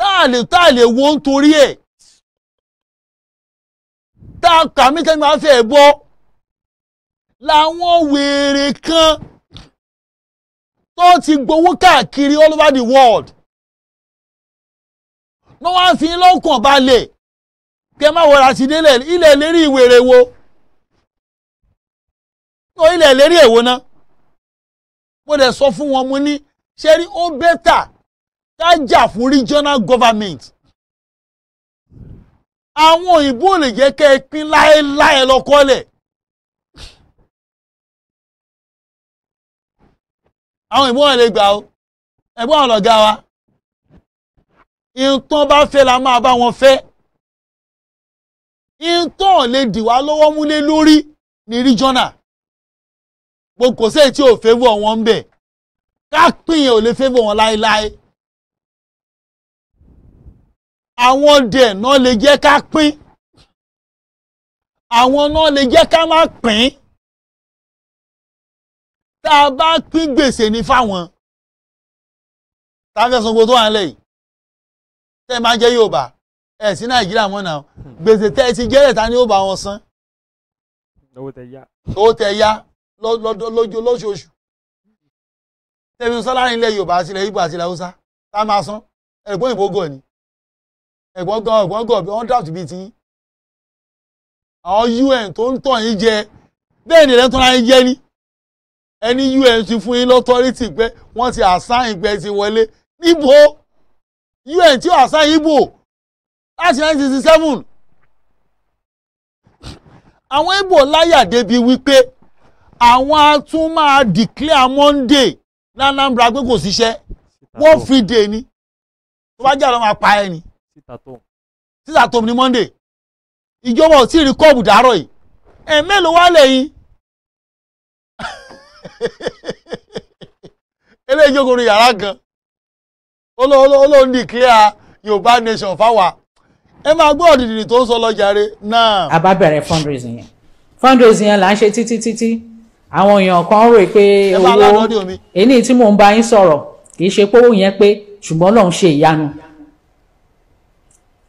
tá a lè tá a lè wo ń torí ẹ̀ tá a kà mí kẹ́mi máa fẹ́ bọ́ làwọn wèrè kan tó ti gbowó káàkiri all over the world ní wọ́n á fi lọ́kàn balẹ̀ kí ẹ má wọra sí délẹ̀ ilẹ̀ lérí ìwèrè wo ilẹ̀ lérí èwo náà mo dẹ̀ sọ fún wọn mo ní ṣé rí ó bẹ́tà ká jà fún regional government àwọn òyìnbó ò lè jẹ́ kẹ́ ẹ pín láéláé lọ́kọ́lẹ̀ àwọn òyìnbó wọn lè gbà ó ẹ̀gbọ́n àwọn ọ̀gá wa nǹkan bá fẹ́ la máa bá wọn fẹ́ nǹkan lè dì wá lọ́wọ́ múlé lórí ní regional gbogbo sẹ́yìn tí ò fẹ́ bọ̀ wọ́n ń bẹ̀ ká pín yẹn ò lè fẹ́ bọ̀ wọ́n láéláé àwọn dẹ̀ náà lè jẹ́ ká pín àwọn náà lè jẹ́ ká má pín tá a bá pín gbèsè ní fáwọn tá a fẹ́ san gbogbo tó wà nílẹ̀ yìí tẹ́ ẹ máa jẹ́ Yorùbá ẹ̀ sí Nàìjíríà mọ́ náà gbèsè tẹ́ ẹ ti jẹ́rẹ̀ ta ni ó bá wọn san owó tẹ́ yá owó tẹ́ yá lọ́jọ́ lóṣooṣù tẹ́mi sọ́lá nílẹ̀ Yorùbá àti ilẹ̀ Ìgbò àti ilẹ̀ Haúsá tá a máa san ẹ̀rọ ìbò ìbò gọ̀ ni ẹ̀gbọ́n gan ẹ̀gbọ́n gan wọ́n draft bíi ti àwọn UN tó ń tàn yín jẹ bẹ́ẹ̀ ni ẹ̀rẹ́ tọ́ra yín jẹ́ ni ẹni UN ti fún yín lọ́tọ́rìtì pé wọ́n ti àṣàyàn pé ti wọlé níbo UN tí àṣàyàn ibo láti 1967 àwọn ibo láyà débi wípé àwọn á tún máa declare Monday ní Anambra pé kò síṣẹ́ wọ́n fi dè ní tó bá jẹ́ àwọn máa pa ẹ́ títà tó ní Monday ìjọba ò tí ì rí kọ́ọ̀bù dàárọ̀ yìí ẹ̀ mélòó wá lẹ́yìn eléyìí jókòó ní yàrá kan olóhùn declare Yorùbá nation fáwa ẹ máa gbọ́ ọ̀dìdì tó ń sọ lọ́jàre náà. a bá fundraising yẹn fundraising yẹn là ń ṣe títí títí àwọn èèyàn kan rò pé owó èyí tí mò ń bá yín sọ̀rọ̀ kì í ṣe pé owó yẹn pé ṣùgbọ́n Ọlọ́run ṣe ìyanu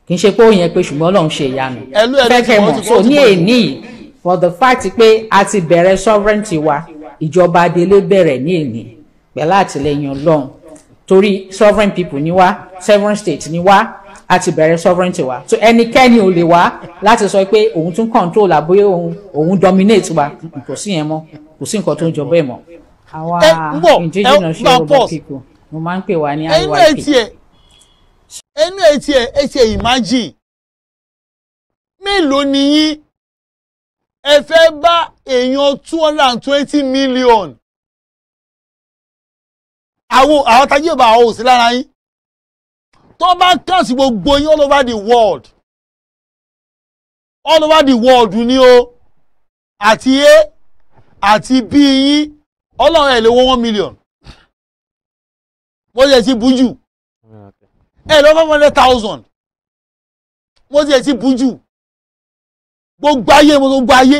kì í ṣe pé ó pé ṣùgbọ́n Ọlọ́run ṣe ìyanu fẹ́kẹ̀ mọ̀ so ní èní for the fact pé a ti bẹ̀rẹ̀ sovereignty wa ìjọba adelé bẹ̀rẹ̀ ní èní pẹ̀lú àtìlẹyìn Ọlọ́run torí sovereign people ni wá sovereign state ni wá a ti bẹ̀rẹ̀ sovereignty wa so ẹnikẹ́ni ò lè wá láti sọ pé òun tún control àbóyé òun òun dominate wa kò sí yẹn mọ́ kò sí nǹkan tó ń jọ bẹ́ẹ̀ mọ́ àwa indigenous Yorùbá people mo máa ń pè wá ní IYP ẹnu etí ẹ etí ẹ imagine mélòó ni yín ẹ fẹ́ bá èèyàn two hundred and twenty million àwọn àwọn tajú ìbá àwọn òsì lára yín tó bá kàn sí gbogbo yín all over the world all over the world ni o àti a àti b yín ọlọ́run ẹ̀ lè wọ́n one million bó ṣe ti bú ẹ lọ five hundred thousand mo ti ẹ̀ ti bú jù gbogbo ayé mo gbogbo ayé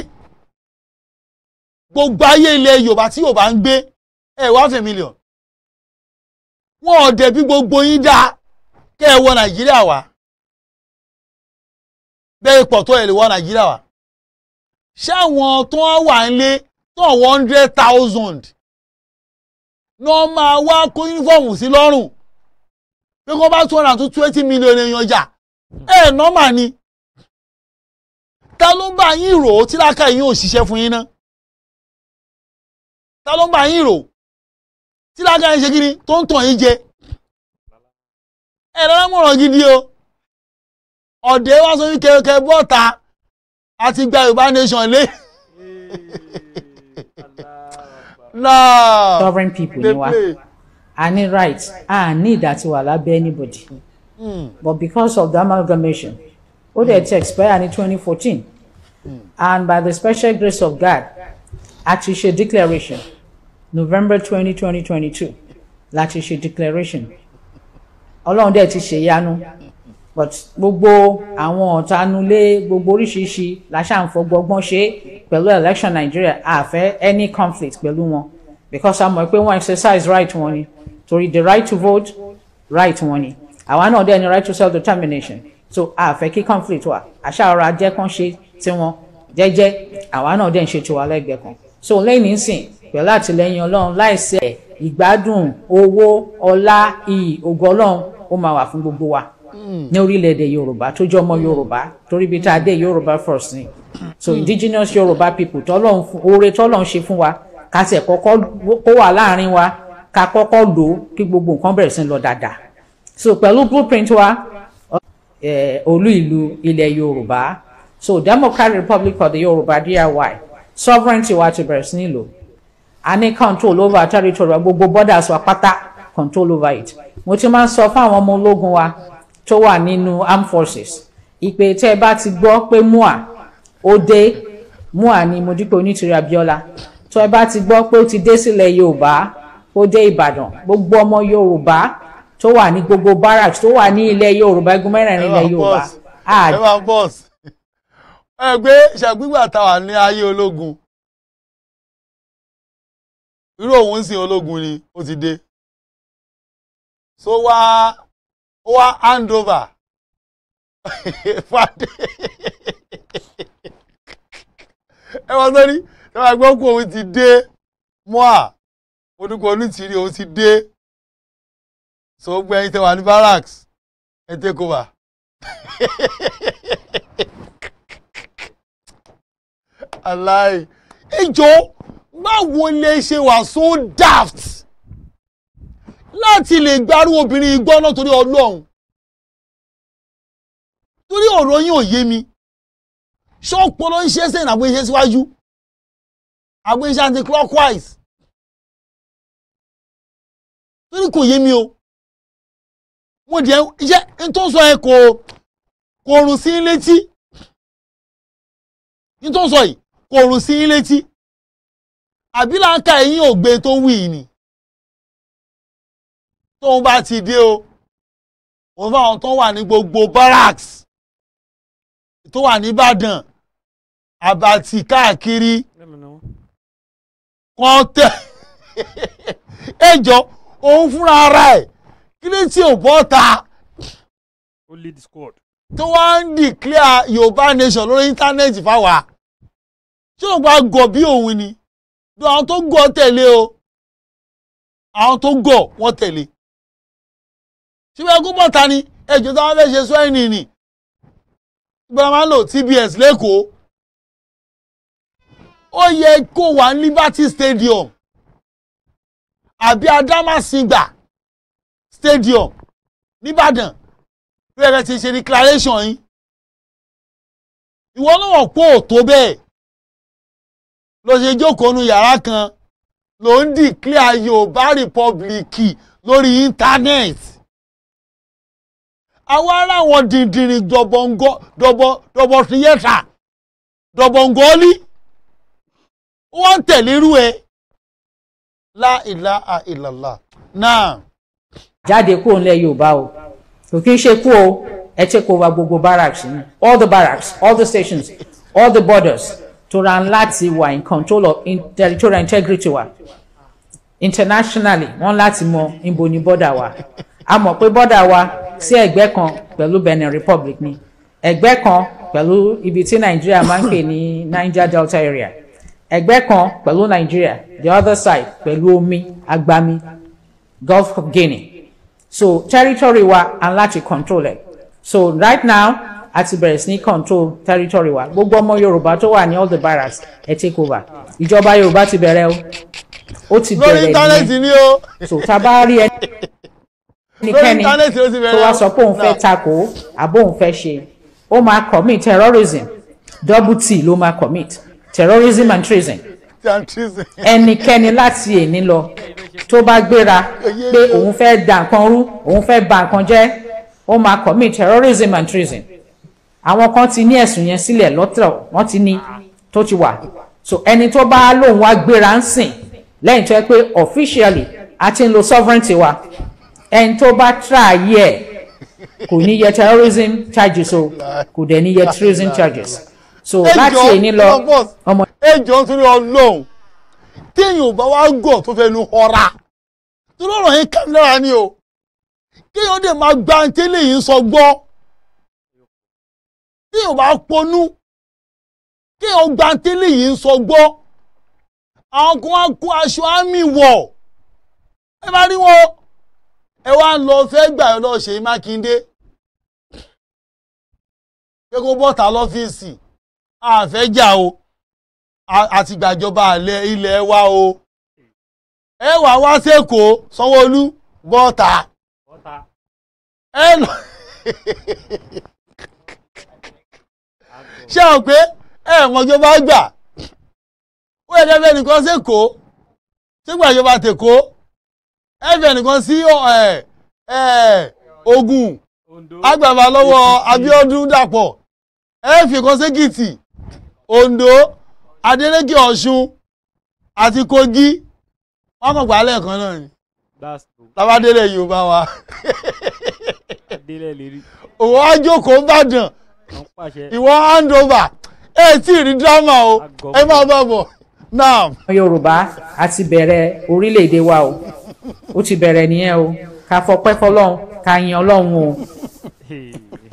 gbogbo ayé ilẹ̀ Yorùbá tí Yorùbá ń gbé ẹ wá fẹ́ mílíọ̀n wọn ò dẹ̀ bí gbogbo yín dá kẹ́ ẹ wọ Nàìjíríà wá bẹ́ẹ̀ pọ̀ tó ẹ lè wọ Nàìjíríà wá ṣé àwọn tó wà ń tó one hundred thousand ní wọ́n máa wá kó yúnífọ̀mù sí lọ́rùn pé kó bá two hundred and two twenty million èèyàn jà ẹ nọ́mà ni ta ló ń bá yín rò ó tíráka yín ò ṣiṣẹ́ fún yín ná ta ló ń bá yín rò ó tíráka yín ṣe kí ni tó ń tàn yín jẹ ẹ lọ́la mọ̀ràn gidi o ọ̀dẹ́ wá sọ wípé kẹ̀kẹ́ bọ́ọ̀ta àti gba Yorùbá nation lé. no sovereign people you wa a ní right a ní ìdàtiwà lábẹ́ anybody mm. but because of the amalgamation ó dẹ̀ ti expire in 2014, fourteen and by the special grace of God a declaration November twenty twenty twenty two la ti ṣe declaration Ọlọ́run dẹ̀ ti ṣe yanu but gbogbo àwọn ọ̀tanulé gbogbo oríṣiríṣi la ṣàǹfọ̀gbọ́gbọ́n ṣe pẹ̀lú election Nigeria àfẹ́ any conflict pẹ̀lú wọn. Mm because a mọ̀ pé wọ́n exercise right wọn ni torí the right to vote right wọn ni àwa náà dẹ̀ ni right to self determination so a fẹ́ kí conflict wà àṣà ọ̀rọ̀ ajẹ́ kan ṣe tiwọn jẹ́jẹ́ àwa náà dẹ̀ ń ṣe tiwa lẹ́gbẹ̀ẹ́ kan so lẹ́yìn nísìn pẹ̀lú àtìlẹ́yìn ọlọ́run láìsí ẹ̀ ìgbádùn owó ọlá iyì ògo ọlọ́run ó máa wà fún gbogbo wa hmm. ní orílẹ̀-èdè yorùbá tó jẹ́ ọmọ yorùbá torí bí tá a dé yorùbá first ni so hmm. indigenous yorùbá people tọ́lọ́run oore tọ́lọ́run ṣe fún wa ká tiẹ̀ kọ́kọ́ kó wà láàrin wa ká kọ́kọ́ lò ó kí gbogbo nǹkan bẹ̀rẹ̀ sí lọ dáadáa so pẹ̀lú blueprint wa olú ìlú ilẹ̀ Yorùbá so Democratic Republic of the Yorùbá DRY sovereignty wa ti bẹ̀rẹ̀ sí ní lò a ní control over territory gbogbo borders wa pátá control over it mo ti máa ń sọ fáwọn ọmọ ológun wa tó wà nínú armed forces ìpè tẹ́ ẹ bá ti gbọ́ pé mua ó dé mua ni Modipe Onítìrí Abíọ́lá tó ẹ bá ti gbọ́ pé ó ti dé sílẹ̀ yorùbá ó dé ìbàdàn gbogbo ọmọ yorùbá tó wà ní gbogbo barracks tó wà ní ilẹ̀ yorùbá igun mẹ́rẹ̀ẹ̀rin ilẹ̀ yorùbá. ẹ wá bọ́ọ̀sì ẹ gbé ṣàgbégbà táwa ní ayé ológun irú òun ń sin ológun ni ó ti dé so wá ó wá hand over fàdé ẹ wọ́n sọ ní tọ́wọ́ ẹgbẹ́ òkú òun ti dé mọ́à orúkọ onítìrí òun ti dé so gbẹ ẹ̀yin tẹ́ wà ní barracks ẹ take over. aláì ìjọ báwo lè ṣe wà so daft láti lè gbárù obìnrin igbó náà torí ọlọ́run torí ọ̀rọ̀ yín ò yé mi ṣọ́pọ̀ ló ń ṣe sẹ́yìn àbọ̀ iṣẹ́ síwájú àgbo iṣẹ́ anti clockwise torí kò yé mi o mo jẹ́ iṣẹ́ n tó ń sọ ẹ kò kò rùn sí létí n tó ń sọ yìí kò rùn sí létí àbí láǹkà ẹ̀yìn ògbé tó wì ní tóun bá ti dé o òun fáwọn tó wà ní gbogbo barracks tó wà ní Ìbàdàn àbàtì káàkiri wọ́n tẹ̀ ẹ jọ òun fúnra ara ẹ̀ kí ló ti ò bọ́ ta. tó wá ń declare yorùbá nation lórí íńtánẹ́ẹ̀tì fáwa ṣé òun bá gọ̀ bí òun ni bí àwọn tó gọ̀ tẹ̀lé o àwọn tó gọ̀ wọ́n tẹ̀lé ṣùgbọ́n ẹkún bọ̀ta ni ẹjọ́ táwọn fẹ́ ṣe sọ ẹ̀ nìyí ìgbà máa ń lò TBS lẹ́kọ̀ọ́ ó yẹ kó wà ní Liberty Stadium àbí Adamasingba Stadium nìbàdàn bí ẹ ti ṣe declaration yín ìwọ náà pò tó bẹ́ẹ̀ ló ṣe jókòó nu yàrá kan ló ń declare Yorùbá Republic lórí íńtánẹ́ẹ̀tì àwa ará wọn dìndìnrín dọ̀bọ̀ngọ́ dọ̀bọ̀ dọ̀bọ̀ tìyẹ́ta dọ̀bọ̀ngọ́lí ó wá ń tẹ̀lé irú ẹ láìláà ìlàlà náà. jáde kúrò nílẹ̀ yorùbá o kò kí n ṣe kú o ẹ ṣe kó wa gbogbo barracks all the barracks all the stations all the borders tó ra láti wà in control of in territorial integrity wa internationally wọ́n láti mọ ibo ni bọ́dà wa a mọ̀ pé bọ́dà wa sí ẹ̀gbẹ́ kan pẹ̀lú Benin Republic ni ẹ̀gbẹ́ kan pẹ̀lú ibi tí Nàìjíríà máa ń pè ní Niger Delta area ẹgbẹ́ kan pẹ̀lú Nigeria the other side pẹ̀lú omi agbami Gulf of Guinea so territory wa and láti control ẹ̀ so right now a ti bẹ̀rẹ̀ sí ní control territory wa gbogbo ọmọ Yorùbá tó wà ní all the barracks ẹ̀ take over ìjọba Yorùbá ti bẹ̀rẹ̀ o ó ti bẹ̀rẹ̀ nìyẹn so tá a bá rí ẹni ẹnikẹ́ni tó wá sọ pé òun fẹ́ takò àbó òun fẹ́ ṣe ó máa commit terrorism double t ló máa commit terrorism and treason ẹnikẹ́ni láti èní lọ tó bá gbéra pé òun fẹ́ da nǹkan rú òun fẹ́ ba nǹkan jẹ́ ó máa commit terrorism and treason àwọn kan ti ní ẹ̀sùn yẹn sílẹ̀ lọ́tọ̀ wọ́n ti ní tó ti wà so ẹni tó bá lóun wá gbéra ń sìn lẹ́yìn tó yẹ pé officially a ti ń lo sovereignty wa ẹni tó bá try yẹ kò ní yẹ terrorism charges o kò dẹ̀ ní yẹ treason charges so láti èyí lọ ọmọ. ẹjọ́ nítorí ọlọ́run téèyàn ò bá wá gọ̀ tó fẹ́ nu ọ̀ra torí ọ̀rọ̀ yẹn kàn lára ni o kéèyàn dè máa gba tẹ́lẹ̀ yìí sọ gbọ́ kéèyàn bá ponú kéèyàn gba tẹ́lẹ̀ yìí sọ gbọ́ àwọn kan á kó aṣọ àmì wọ̀ ẹ bá rí wọn ẹ wá ń lọ fẹ́ gbà ẹ lọ ṣe Mákindé pé kó bọ́ta lọ́fíìsì jà o àti gbàjọba ilẹ̀ wa o ẹ wà wá sẹ́kọ̀ọ́ sanwó-olú bọ́ta ẹ lọ ṣé o pé ẹ mọ̀jọba gbà ó yẹ kẹfẹ́ nìkan sẹ́kọ̀ọ́ sígbàjọba tẹ̀kọ́ ẹ fẹ́ nìkan sí Ògùn agbàbà lọ́wọ́ Ondo Adeleke Ọ̀ṣun àti Kogi wọ́n mọ̀ gbà lẹ́ẹ̀kan náà ni tabadélẹ̀ Yorùbá wa òwò ajókòó Ìbàdàn ìwọ hand over ẹ tí ì rí drama o ẹ máa bá bọ̀ náà. Yorùbá a ti bẹ̀rẹ̀ orílẹ̀-èdè wa o ó ti bẹ̀rẹ̀ nìyẹn o ká fọpẹ́ fọlọ́run ká yin Ọlọ́run o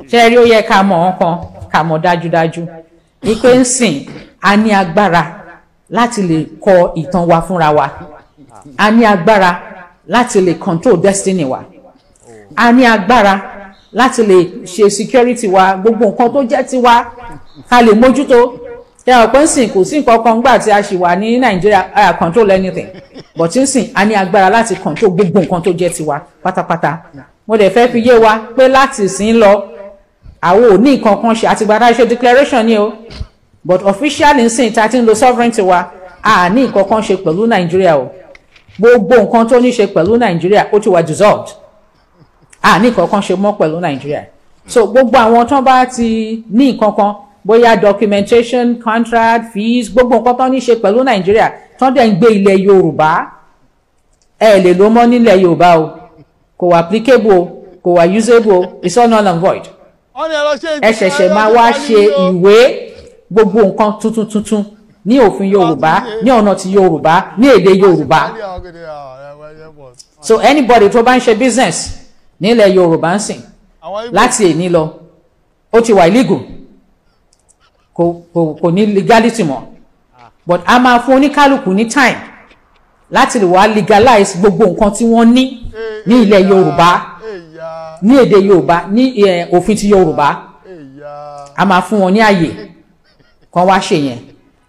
ṣé rí ó yẹ ká mọ̀ ọ́n kan ká mọ̀ dájúdájú wípé ń sìn a ní agbára láti lè kọ ìtàn wa fúnra wa a ní agbára láti lè control destiny wa a ní agbára láti lè ṣe security wa gbogbo nǹkan tó jẹ́ tiwa ká lè mójútó ẹ ọ̀pẹ́ ń sìn kò sí nǹkan kan gbà tí a ṣì wà ní nàìjíríà control anything but ń sìn a ní agbára láti control gbogbo nǹkan tó jẹ́ tiwa pátápátá mo dẹ̀ fẹ́ fi yé wa pé láti sìn lọ àwọn ò ní nǹkan kan ṣe àtìgbà tá ṣe declaration ni o but officially ń sìn tá a ń lo sovereignty wa a ní nǹkan kan ṣe pẹ̀lú nàìjíríà o gbogbo nǹkan tó ní ṣe pẹ̀lú nàìjíríà ó ti wà dissolved a ní nǹkan kan ṣe mọ́ pẹ̀lú nàìjíríà so gbogbo àwọn tó bá ti ní nǹkan kan bóyá documentation contract fees gbogbo nǹkan tó ní ṣe pẹ̀lú nàìjíríà tó dẹ̀ ń gbé ilẹ̀ yorùbá ẹ lè ló mọ́ nílẹ̀ yorùbá o kò wà applicable o kò wà usable o it's all null and void ẹ ṣẹ̀ṣẹ̀ máa wá ṣe ìwé gbogbo nǹkan tuntun tuntun ní òfin yorùbá ní ọ̀nà ti yorùbá ní èdè yorùbá so anybody tó bá ń ṣe business nílẹ̀ yorùbá ń sìn láti èní lọ ó ti wà illegal kò kò kò ní legality mọ́ but a máa fún oníkálukú ní time láti lè wá legalize gbogbo nǹkan tí wọ́n ní ní ilẹ̀ yorùbá ní èdè yorùbá ní eh, òfin ti yorùbá a máa fún wọn ní àyè kan wá ṣe yẹn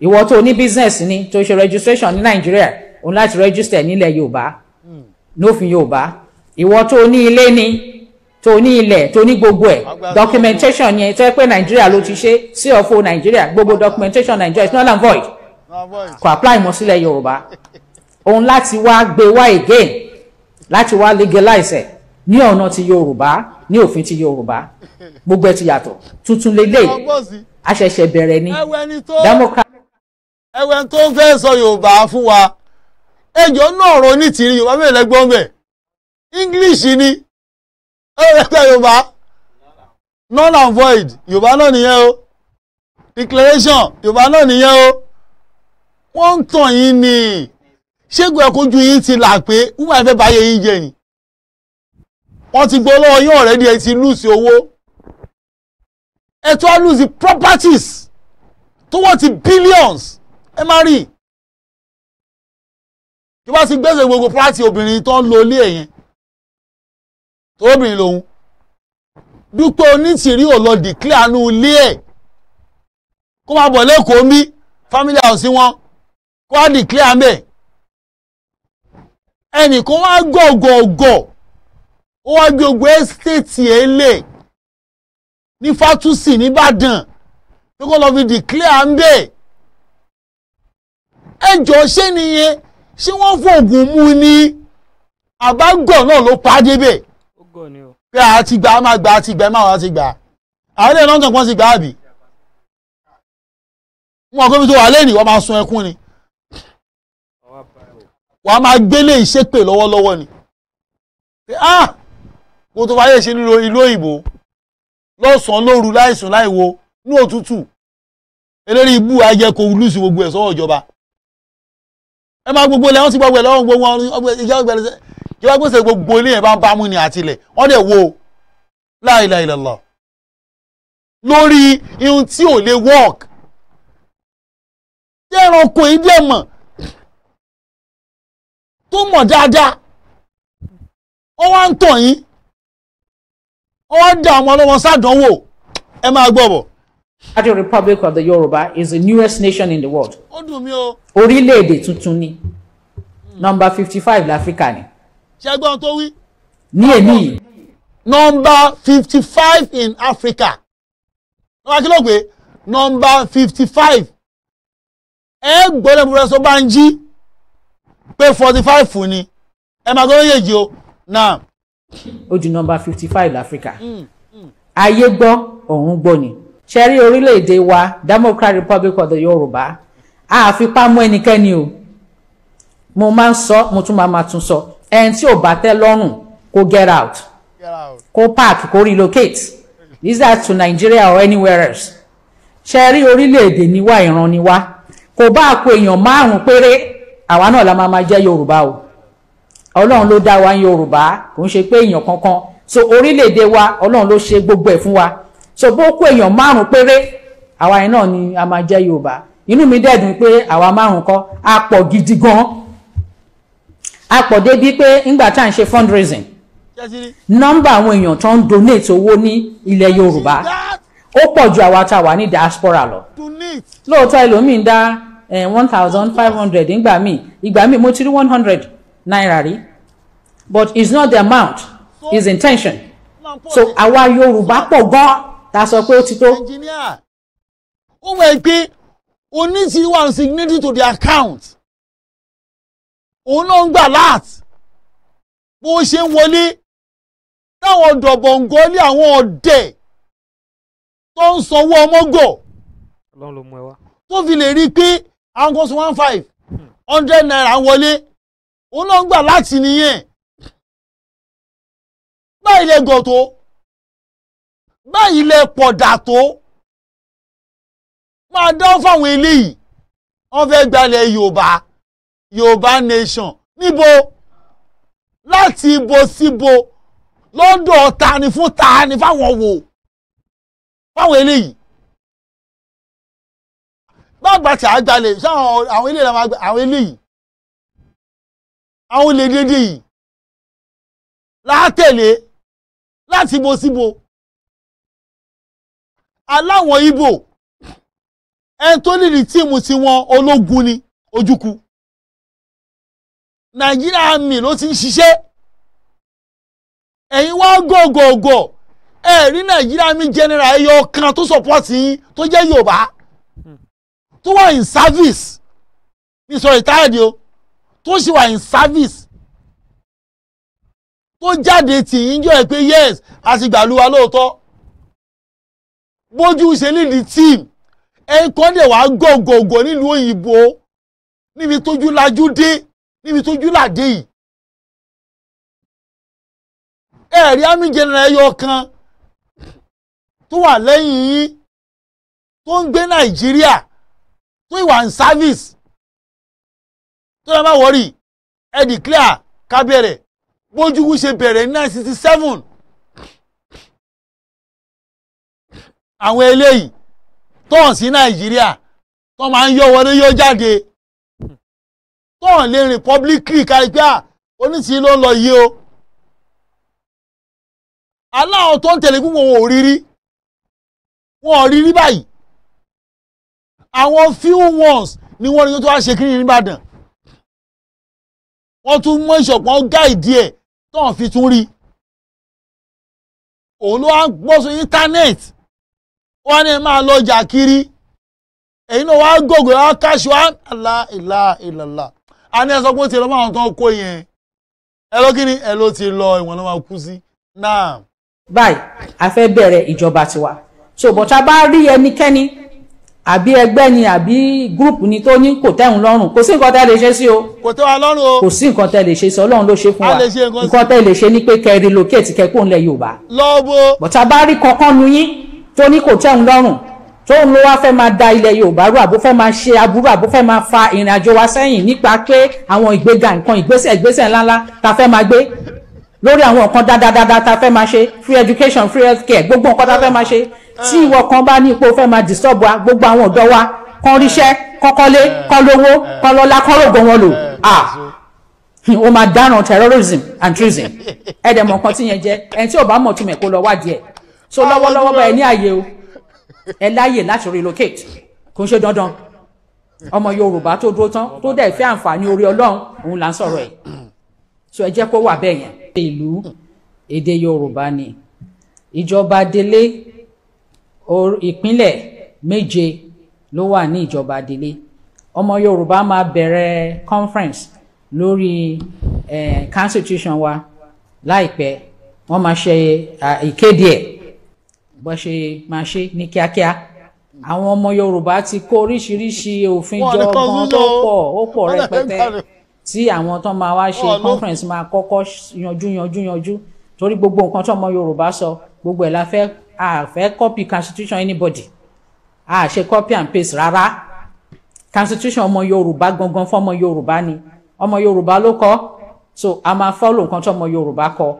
ìwọ tó ní business ni tó ṣe registration ní nàìjíríà òun láti register nílẹ̀ yorùbá lófin hmm. yorùbá ìwọ tó ní ilé ni tó ní ilẹ̀ tó ní gbogbo ẹ̀ documentation yẹn tó yẹ pé nàìjíríà ló ti ṣe CFO nàìjíríà gbogbo documentation nàìjíríà is not and void kò apply mọ́ sílẹ̀ yorùbá òun láti wá gbé wá again láti wá legalize ẹ̀ ní ọ̀nà ti yorùbá ní òfin ti yorùbá gbogbo ẹ ti yàtọ̀ tuntun lélẹ̀ àṣẹ̀ṣẹ̀ bẹ̀rẹ̀ ni democracy. ẹwẹ́n tó fẹ́ sọ yorùbá fún wa ẹjọ́ náà ọ̀rọ̀ ní tìrì yorùbá bẹ́ẹ̀ lẹ́gbọ́n bẹ́ẹ̀ english ni ẹ̀rẹ́gbẹ́ yorùbá non and void yorùbá náà nìyẹn o declaration yorùbá náà nìyẹn o wọ́n ń tàn yín ni ṣégun ẹ̀kọ́jú yín ti là pé wúwo àfẹ́ báyé yín jẹ́ wọ́n ti gbọ́ lọ́wọ́ yín ọ̀rẹ́dì ẹ ti lùsì owó ẹ tó wá lùsì properties tó wọ́n ti billions ẹ má rí kí wọ́n ti gbèsè gbogbo pàtì obìnrin tó ń lo ilé yẹn tó obìnrin lòun dúpẹ́ onítìrí ò lọ dìklẹ́ àánú ilé ẹ̀ kó máa bọ̀ lẹ́kọ̀ọ́ mi family house wọn kó wá dìklẹ́ àmẹ́ ẹnì kan wá gọ̀gọ̀gọ̀ ó wá gbé gbogbo ẹ́stéètì ẹ̀ lè ní fatusi nìbàdàn tó kọ́ lọ́ọ́ fi dìclare à ń bẹ̀ ṣé nìyẹn ṣé wọ́n fòògùn mú ni àbágọ̀ náà ló pa á débẹ̀ pé a ti gbà á máa gbà á ti gbà á máa wá ti gbà á àwọn ilé london kan ti gbà á bì wọn kò fi tó wà lẹ́yìn wọ́n máa sun ẹkún ni wọ́n máa gbélé ìṣépè lọ́wọ́lọ́wọ́ ni ah mo tó fàyè ṣe nílò ìlú òyìnbó lọ́sàn-án lóru láìsùn láìwo ní òtútù eléré ibú ajẹkọ olùsù gbogbo ẹ̀ sọ́wọ́ ìjọba ẹ máa gbogbo ilẹ̀ wọ́n ti gbogbo ẹ̀ lọ́wọ́ gbogbo ìjọba gbèsè gbogbo ilé yẹn bá ń bá mú ni àtìlẹ̀ wọ́n dẹ̀ wo la ilaha illallah lórí ihun tí ò lè work tí ẹranko yìí dẹ̀ mọ̀ tó mọ̀ dáadáa wọ́n wá ń tàn yín wọ́n dá àwọn ọlọ́wọ́n sádánwò ẹ máa gbọ́ bọ̀. Democratic Republic of the Yoruba is the newest nation in the world. ó dùn mí o. orílẹ̀-èdè tuntun ni nọ́mbà fifty five láfíríkà ni. ṣé gbọ́n tó wí. ní èmi yìí. fifty five in Africa. nọ́mbà kí ló pé nọ́mbà fifty five. ẹ gbọ́dọ̀ bí rẹ́sọ̀ bá ń jí pé forty five fún ni ẹ máa gbọ́ méjèèjì o náà ó di nọ́mbà fifty five Africa. Mm, mm. ayé gbọ́ ọ̀hún gbọ́ ni ṣẹ́rí orílẹ̀-èdè wa Democratic Republic of the Yorùbá a fipá mú ẹnikẹ́ni o mo máa ń sọ mo tún máa ma tún sọ ẹni tí ò bá tẹ́ lọ́rùn kó get out kó park kó relocate is that to Nigeria or anywhere else ṣẹ́rí orílẹ̀-èdè ni wá ìran ni wá kò bá àpò èèyàn márùn-ún péré àwa náà la máa ma jẹ́ Yorùbá o ọlọ́run ló dá wa yorùbá kò ń ṣe pé èèyàn kankan so orílẹ̀-èdè wa ọlọ́run ló ṣe gbogbo ẹ̀ fún wa so bó kó èèyàn márùn péré àwa yẹn náà ni a máa jẹ́ yorùbá inú mi dẹ̀dùn pé àwa márùn kọ́ a pọ̀ gidi gan a pọ̀ débi pé ńgbà tá à ń ṣe fundraising nọ́mbà àwọn èèyàn tó ń donate owó ní ilẹ̀ yorùbá ó pọ̀ ju àwa tá a wà ní diaspora lọ lóòótọ́ ẹlòmíín dá eh, one thousand five hundred ìgbà míì ìgbà míì mo ti rí one hundred Naira, rí but it's not the amount it's the intention so àwa Yorùbá pọ̀ gan ta sọ pé ó ti tó. ó wẹ̀ pé oníṣìí wà signated to the account òun náà ń gbà láàt bó ṣe ń wọlé táwọn dọ̀bọ̀ǹgọ́ ní àwọn ọ̀dẹ̀ tó ń sanwó ọmọ́gọ̀ tó fi lè rí i pé àwọn kan sọ one five hundred naira wọlé òun náà ń gbà láti nìyẹn báyìí lè gọ̀ tó báyìí lè pọ̀dà tó máa dán fáwọn eléyìí wọ́n fẹ́ gbalẹ̀ Yorùbá Yorùbá nation níbo láti ibo síbo lọ́dọ̀ ta ni fún ta ni fáwọn wò fáwọn eléyìí bá gbàtà àgbàlẹ̀ sáwọn àwọn eléyìí àwọn olè dédé yìí látẹ̀lé láti bo síbo aláwọ̀ Ìgbò ẹni tó nídìí tíìmù tiwọn ológun ni ojúku nàìjíríà mi ló ti ń ṣiṣẹ́ ẹ̀yin wá gọ̀gọ̀gọ̀ ẹ rí nàìjíríà mi general ẹyọ kan tó sọpọ́ọ̀tì yín tó jẹ́ yorùbá tó wà in service ní sọ retired o tó sì wà in service tó jáde tì í jọ ẹ pé yes a sì gbàlúwa lóòótọ́ bójú ṣe nídìí team ẹ̀kọ́ dẹ̀ wá gọ̀gọ̀gọ̀ nílùú òyìnbó níbi tójú lajú dé níbi tójú làdé yìí ẹ̀rí àmì jẹnẹrẹ ẹyọ kan tó wà lẹ́yìn yín tó ń gbé Nàìjíríà tó ìwà ń service tó lọ́ máa wọ́rì ẹ declare ká bẹ̀rẹ̀ bójú wù ṣe bẹ̀rẹ̀ ní nine sixty seven àwọn eléyìí tọ́hún sí nàìjíríà tó máa ń yọ wọlé yọ jáde tọ́hún lè rìn publicly kárí pé ah, oníṣìí ló ń lọ yìí o aláwọ̀ tó ń tẹ̀lé gbogbo wọn ò rí rí wọn ò rí rí báyìí àwọn few ones ni wọ́n ní tó wá ṣe kiri ní Ìbàdàn ó tún mọ ìṣọ̀kan ọgá ìdí ẹ̀ tán fi tún rí òun ló wá ń gbọ́ sí íńtánẹ́ẹ̀tì wọ́n ní máa lọ jà kiri èyí náà wàá gògò wàá káṣù wàá àlà ìlà ìlàlà a ní ẹsọ pé ó ti lọ máa tán kó yẹn ẹ ló kí ni ẹ ló ti lọ ìwọ̀n ló máa kú sí náà. báyìí a fẹ́ bẹ̀rẹ̀ ìjọba tiwa ṣùgbọ́n tá bá rí ẹnikẹ́ni àbí ẹgbẹ́ ni àbí gúrùpù ni tó ní kò tẹ́hun lọ́rùn kò sí nǹkan tẹ́ lè ṣe sí o. kò tẹ́ wa lọ́rùn o. kò sí nǹkan tẹ́ lè ṣe sí ọlọ́run ló ṣe fún wa nǹkan tẹ́ lè ṣe ni pé kẹ́ relocate kẹ́ kó ń lẹ yorùbá. lọ́wọ́. bọ̀tà bá rí kankan nu yín tó ní kò tẹ́hun lọ́rùn tóun ló wá fẹ́ máa da ilẹ̀ yorùbá rú àbó fẹ́ máa ṣe aburú àbó fẹ́ máa fa ìrìn àjò wa sẹ́yìn nípa pé àwọn ìgbéga nǹkan ìgbésẹ̀ ìgbésẹ̀ lórí àwọn nǹkan dáadáa ta fẹ́ máa ṣe free education free health care gbogbo nǹkan ta fẹ́ máa ṣe tí ìwọ kan bá ní ipò fẹ́ máa disturb wa gbogbo àwọn ọ̀dọ́ wa kan ríṣẹ́ kọ́kọ́lé kan lówó kan lọ́lá kan rògbò wọn lò ah o máa dáràn terrorism and treason ẹ̀dẹ̀ mọ̀ kan tí yẹn jẹ́ ẹni tí ò bá mọ̀ túmẹ̀ kó lọ wádìí ẹ̀ so lọ́wọ́lọ́wọ́ bá ẹ ní àyè o ẹ láyè láti relocate kò ń ṣe dandan ọmọ Yorùbá tó dúró tán tó dẹ̀ fẹ́ àǹfààní orí Ọlọ́run òun là ń sọ̀rọ̀ ẹ̀ so ẹ jẹ́ kó wà bẹ́ẹ̀ yẹn ìlú èdè yorùbá ni ìjọba délé ìpínlẹ̀ méje ló wà ní ìjọba délé ọmọ yorùbá máa bẹ̀rẹ̀ conference lórí eh, constitution wa láìpẹ́ wọ́n máa ṣe ìkéde ẹ̀ bó ṣe máa ṣe ní kíákíá àwọn ọmọ yorùbá ti kó oríṣiríṣi òfin jọ ọgbọ́n tó pọ̀ rẹpẹtẹ tí àwọn tó máa wá ṣe oh, conference máa kọ́kọ́ yanjú yanjú yanjú torí gbogbo nǹkan tó ọmọ Yorùbá sọ gbogbo ẹ̀ la fẹ́ a fẹ́ copy constitution anybody a ṣe copy and paste rárá constitution ọmọ Yorùbá gangan fọmọ Yorùbá ni ọmọ Yorùbá ló kọ so a máa follow nǹkan tó ọmọ Yorùbá kọ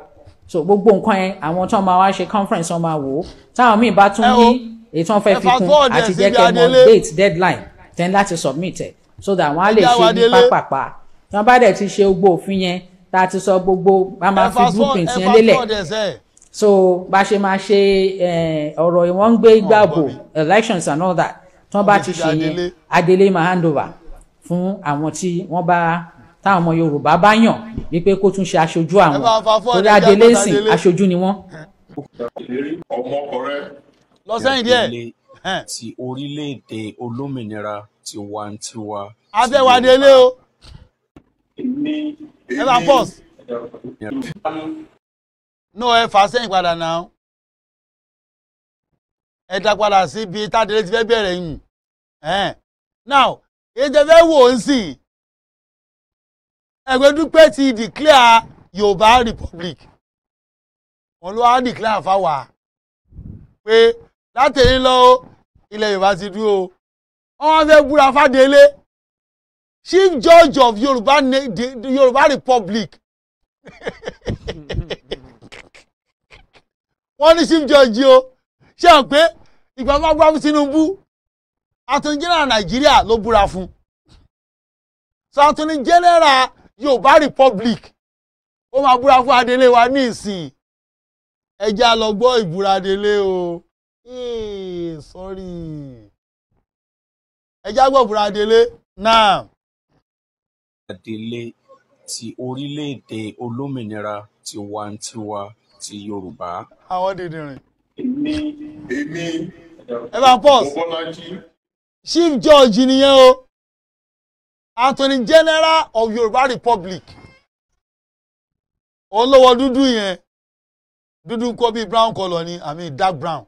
so gbogbo nǹkan yẹn àwọn tó máa wá ṣe conference wọn máa wò ó táwọn míì bá tún ní ètò wọn fẹ́ fi àti jẹ́ kẹ́ date deadline then láti submit ẹ̀ so that wọ́n á lè ṣe ní pápápá tí wọ́n bá dẹ̀ ti ṣe gbogbo òfin yẹn tá a ti sọ gbogbo a máa fi blueprint yẹn lélẹ̀ so bá ṣe máa ṣe ọ̀rọ̀ ìwọ́n ń gbé ìgbàbò elections and all that tí wọ́n bá ti ṣe yẹn adelé máa hand over fún àwọn tí wọ́n bá táwọn ọmọ Yorùbá bá yàn wípé kó tún ṣe aṣojú àwọn torí adelé ń sìn aṣojú ni wọ́n. lọ sẹ́yìn díẹ̀ ti orílẹ̀-èdè olómìnira tiwantiwa. abẹ́wádélé o ẹ bá pause. no ẹ fà sẹ́yìn padà náà ẹ dá padà sí ibi tádélé ti fẹ́ bẹ̀rẹ̀ yìí now ètò fẹ́ wò ó sìn ẹgbẹ́ dúpẹ́ ti declare Yorùbá Republic wọn ló declare fáwa pé látẹ̀yìn lọ́wọ́ ilẹ̀ Yorùbá ti dúró wọn wá fẹ́ búra fàdélé. chief judge of Yoruba na the, the Yoruba Republic wọn ní chief judge o ṣé o pé ìgbà máa gbá fún Tinubu attorney general nigeria ló búra fún so attorney general yoruba Republic ó máa búra fún Adelé wa ní ìsìn ẹja lọ gbọ́ ìbúra Adelé o sorry ẹja gbọ́ ìbúra adele now. Adélé ti orílẹ̀-èdè olómìnira tiwantiwa ti Yorùbá. Àwọn dìndìnrìn. Èmi Èmi Mobọ́lájí. Chief George nìyẹn o. Attorney General of Yorùbá Republic. Òun ló wọ dúdú yẹn. Dúdú kọ́ bíi brown colour ni, I mean dark brown.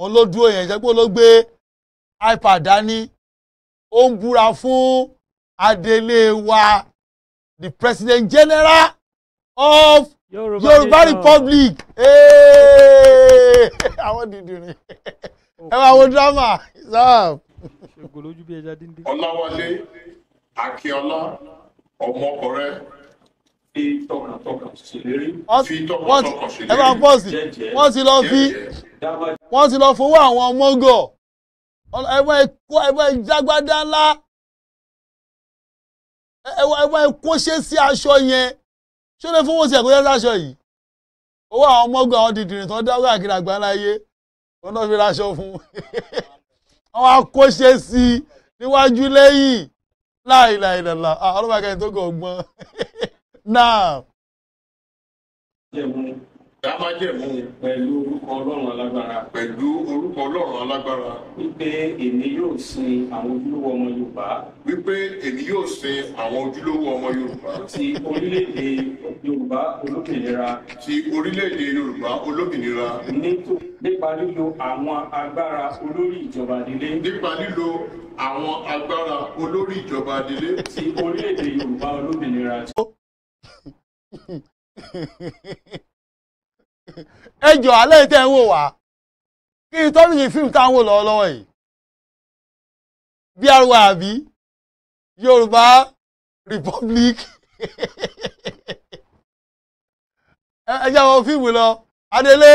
Òun ló dúró yẹn, jẹ́ pé ó ló gbé iPad dání. Ó ń búra fún adelé wa the president general of Yorùbá, Yorùbá Republic àwọn dìndìnrín ẹ máa wo drama sam. Ọláwálé Akínọlá ọmọkọrẹ fi tọkàntọkàn ṣèlérí fi tọkàntọkàn ṣèlérí jẹ́jẹ́ wọ́n ti lọ fi wọ́n ti lọ fowó àwọn ọmọ gọ̀ ẹgbẹ́ jágbádá ńlá ẹ kó ṣe sí aṣọ yẹn ṣó lè fowó sí ẹ̀kọ́ṣẹ́ sáṣọ yìí owó àwọn ọmọọgbà àwọn dìdìrín tó dá káàkiri àgbáńlá ayé wọn náà fi raṣọ fún àwọn akóṣe sí níwájú lẹ́yìn láìláìlàlà ọlọ́pàá kẹrin tó gọ̀ ọgbọ́n náà ká má jẹ̀mú pẹ̀lú orúkọ ọlọ́run alágbára. pẹ̀lú orúkọ ọlọ́run alágbára. wípé èmi yóò sin àwọn ojúlówó ọmọ yorùbá. wípé èmi yóò sin àwọn ojúlówó ọmọ yorùbá. ti orílẹ̀-èdè yorùbá olómìnira. ti orílẹ̀-èdè yorùbá olómìnira. nípa lílo àwọn agbára olórí ìjọba délé. nípa lílo àwọn agbára olórí ìjọba délé. ti orílẹ̀-èdè yorùbá olómìnira. ẹ jọ alẹ́ tẹ́ ń wò wá kí n tọ́lù yìí fíìmù táwọn wò lọ́wọ́lọ́wọ́ yìí bí arúgbó àbí Yorùbá Republic ẹ jẹ́ àwọn fíìmù lọ Adélé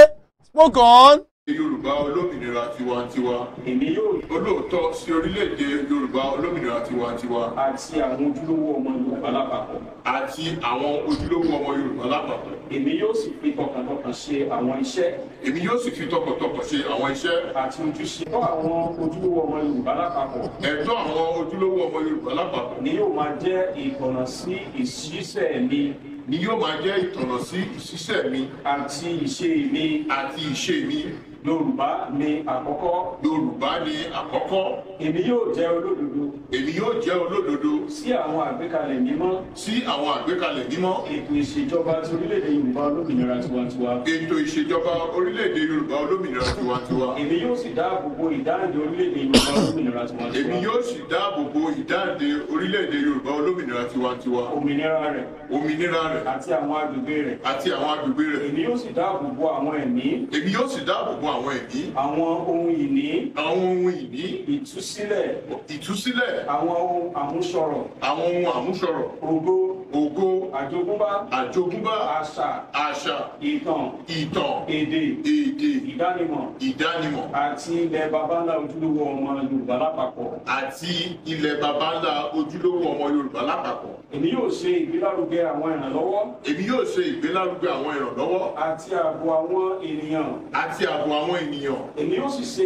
on yorùbá olómìnira tiwantiwa. èmi yóò. olóòótọ́ sí orílẹ̀-èdè yorùbá olómìnira tiwantiwa. àti àwọn ojúlówó ọmọ yorùbá lápapọ̀. àti àwọn ojúlówó ọmọ yorùbá lápapọ̀. èmi yóò sì fi tọkàntọkàn ṣe àwọn iṣẹ́. èmi yóò sì fi tọkàntọkàn ṣe àwọn iṣẹ́. àti ojúṣe. ẹ̀tọ́ àwọn ojúlówó ọmọ yorùbá lápapọ̀. ẹ̀tọ́ àwọn ojúlówó ọmọ yorùbá lápapọ̀. ni yóò máa jẹ́ ìtọ̀nà sí ìṣiṣẹ́ mi ni yóò máa jẹ́ ìtọ̀nà sí ìṣiṣẹ́ mi. àti ìṣe mi. àti ìṣe mi yorùbá ni àkọ́kọ́. yorùbá ni àkọ́kọ́. èmi yóò jẹ́ olódodo. èmi yóò jẹ́ olódodo. sí àwọn àgbékalẹ̀ mímọ́. sí àwọn àgbékalẹ̀ mímọ́. ètò ìṣèjọba ti orílẹ̀-èdè yorùbá olómìnira tiwantiwa. ètò ìṣèjọba orílẹ̀-èdè yorùbá olómìnira tiwantiwa. èmi yóò sì dáàbò bo ìdáǹdè orílẹ̀-èdè yorùbá olómìnira tiwantiwa. èmi yóò sì dáàbò bo ìdáǹdè orílẹ̀-èdè yorùbá olómìnira tiwantiwa. òmìnira rẹ̀. òmìnira rẹ̀. àti àwọn agbègbè rẹ̀. àti àwọn agbègbè rẹ̀. èmi yóò sì dáàbò bo àwọn ẹ̀mí. èmi yóò sì dáàbò bo àwọn àwọn ìní. àwọn ohun ìní. àwọn ohun ìní. ìtúsílẹ̀. ìtúsílẹ̀. àwọn ohun àmúṣọrọ̀. àwọn ohun àmúṣọrọ̀. ògo. ògo. àjogúnbá. àjogúnbá. àṣà. àṣà. ìtàn. ìtàn. èdè. èdè. ìdánimọ̀. ìdánimọ̀. àti ilẹ̀ babańlá ojúlówó ọmọ Yorùbá lápapọ̀. àti ilẹ̀ babańlá ojúlówó ọmọ Yorùbá lápapọ̀. èmi yóò ṣe ìgbélárugẹ àwọn ìrànlọ́wọ́. èmi yóò ṣe ìgbélárugẹ àwọn ìrànlọ́wọ́. àti ààbò àwọn ènìyàn. àti ààbò àwọn ènìyàn. èmi yóò sì ṣe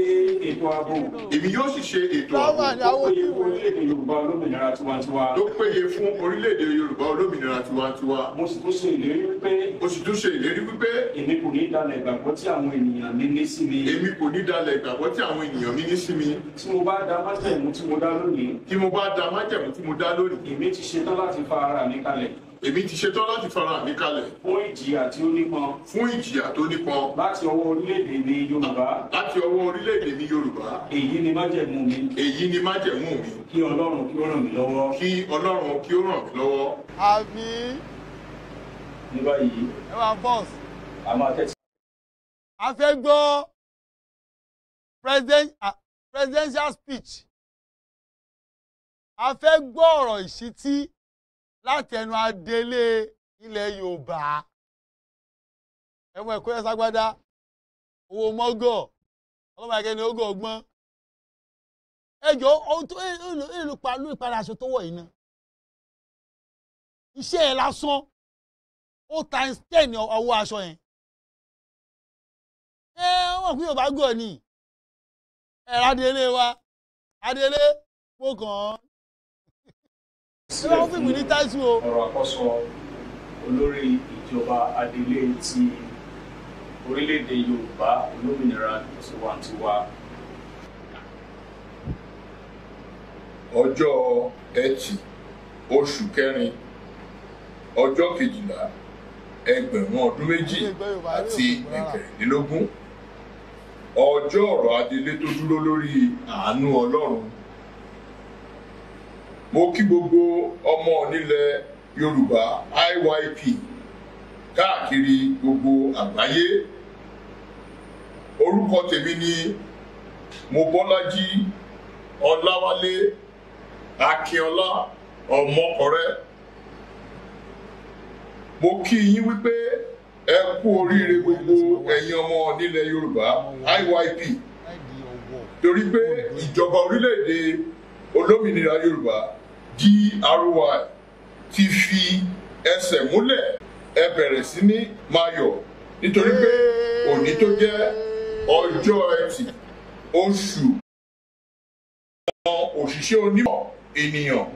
ètò ààbò. èmi yóò sì ṣe ètò ààbò. tó péye fún orílẹ̀-èdè Yorùbá olómìnira tiwantiwa. mo sì tún ṣe ìlérí wípé. mo sì tún ṣe ìlérí wípé. èmi kò ní dalẹ̀ ìgbàgbọ́ tí àwọn ènìyàn mi ní sí mi. èmi kò ní dalẹ̀ ìgbàgbọ́ tí àwọn ènìyàn mi ní sí mi. tí mo bá da májẹ̀mú tí mo dá lónìí. tí mo bá da májẹ̀mú tí mo dá lónìí. èmi ti ṣetán láti fa ara mi kalẹ̀ èmi ti ṣetán láti fara mi kalẹ̀. fún ìjìyà tí ó nípọn. fún ìjìyà tó nípọn. láti ọwọ́ orílẹ̀-èdè mi yorùbá. láti ọwọ́ orílẹ̀-èdè mi yorùbá. èyí ni májẹ̀mú mi. èyí ni májẹ̀mú mi. kí ọlọ́run kí ó ràn mí lọ́wọ́. kí ọlọ́run kí ó ràn mí lọ́wọ́. àmì. ní báyìí. ẹ wá bọ́ọ̀sì. a máa tẹ̀sí. a fẹ́ gbọ́ presidential speech a fẹ́ gbọ́ ọ̀rọ̀ ìṣítí láti ẹnu adélé ilẹ̀ Yorùbá ẹ̀wọ̀n ẹ̀kọ́ yẹn ságbádá owó mọ́gọ̀ ọlọ́mọ akẹ́ni ogún ọgbọ́n ẹjọ́ ìlú pàlú ìpadà aṣọ tó wọ̀ yìí ná iṣẹ́ ẹ̀ lásán ó times ten ọwọ́ aṣọ yẹn ẹ wọn kú Yorùbá gọ̀ ni ẹ̀rọ adélé wa adélé mo kàn án sílẹ̀ fún ọ̀rọ̀ àkọ́sọ olórí ìjọba adelé ti orílẹ̀-èdè yorùbá olómìnira tiwantiwa. ọjọ́ ẹtì oṣù kẹrin ọjọ́ kejìlá ẹgbẹ̀rún ọdún méjì àti ẹgbẹ̀rìnlélógún ọjọ́ ọ̀rọ̀ adelé tó dúró lórí àánú ọlọ́run mo kí gbogbo ọmọ nílẹ̀ Yorùbá IYP káàkiri gbogbo àgbáyé orúkọ tèmi ni Mobọ́lájí Ọláwálé Akínọlá Ọmọkọrẹ mo kí yín wípé ẹ kú oríire gbogbo ẹ̀yin ọmọ nílẹ̀ Yorùbá IYP torí pé ìjọba orílẹ̀-èdè olómìnira Yorùbá GRY ti fi ẹsẹ̀ múlẹ̀ ẹ bẹ̀rẹ̀ sí ní máa yọ̀ nítorí pé òní tó jẹ́ ọjọ́ ẹtì oṣù àwọn òṣìṣẹ́ onímọ̀ ènìyàn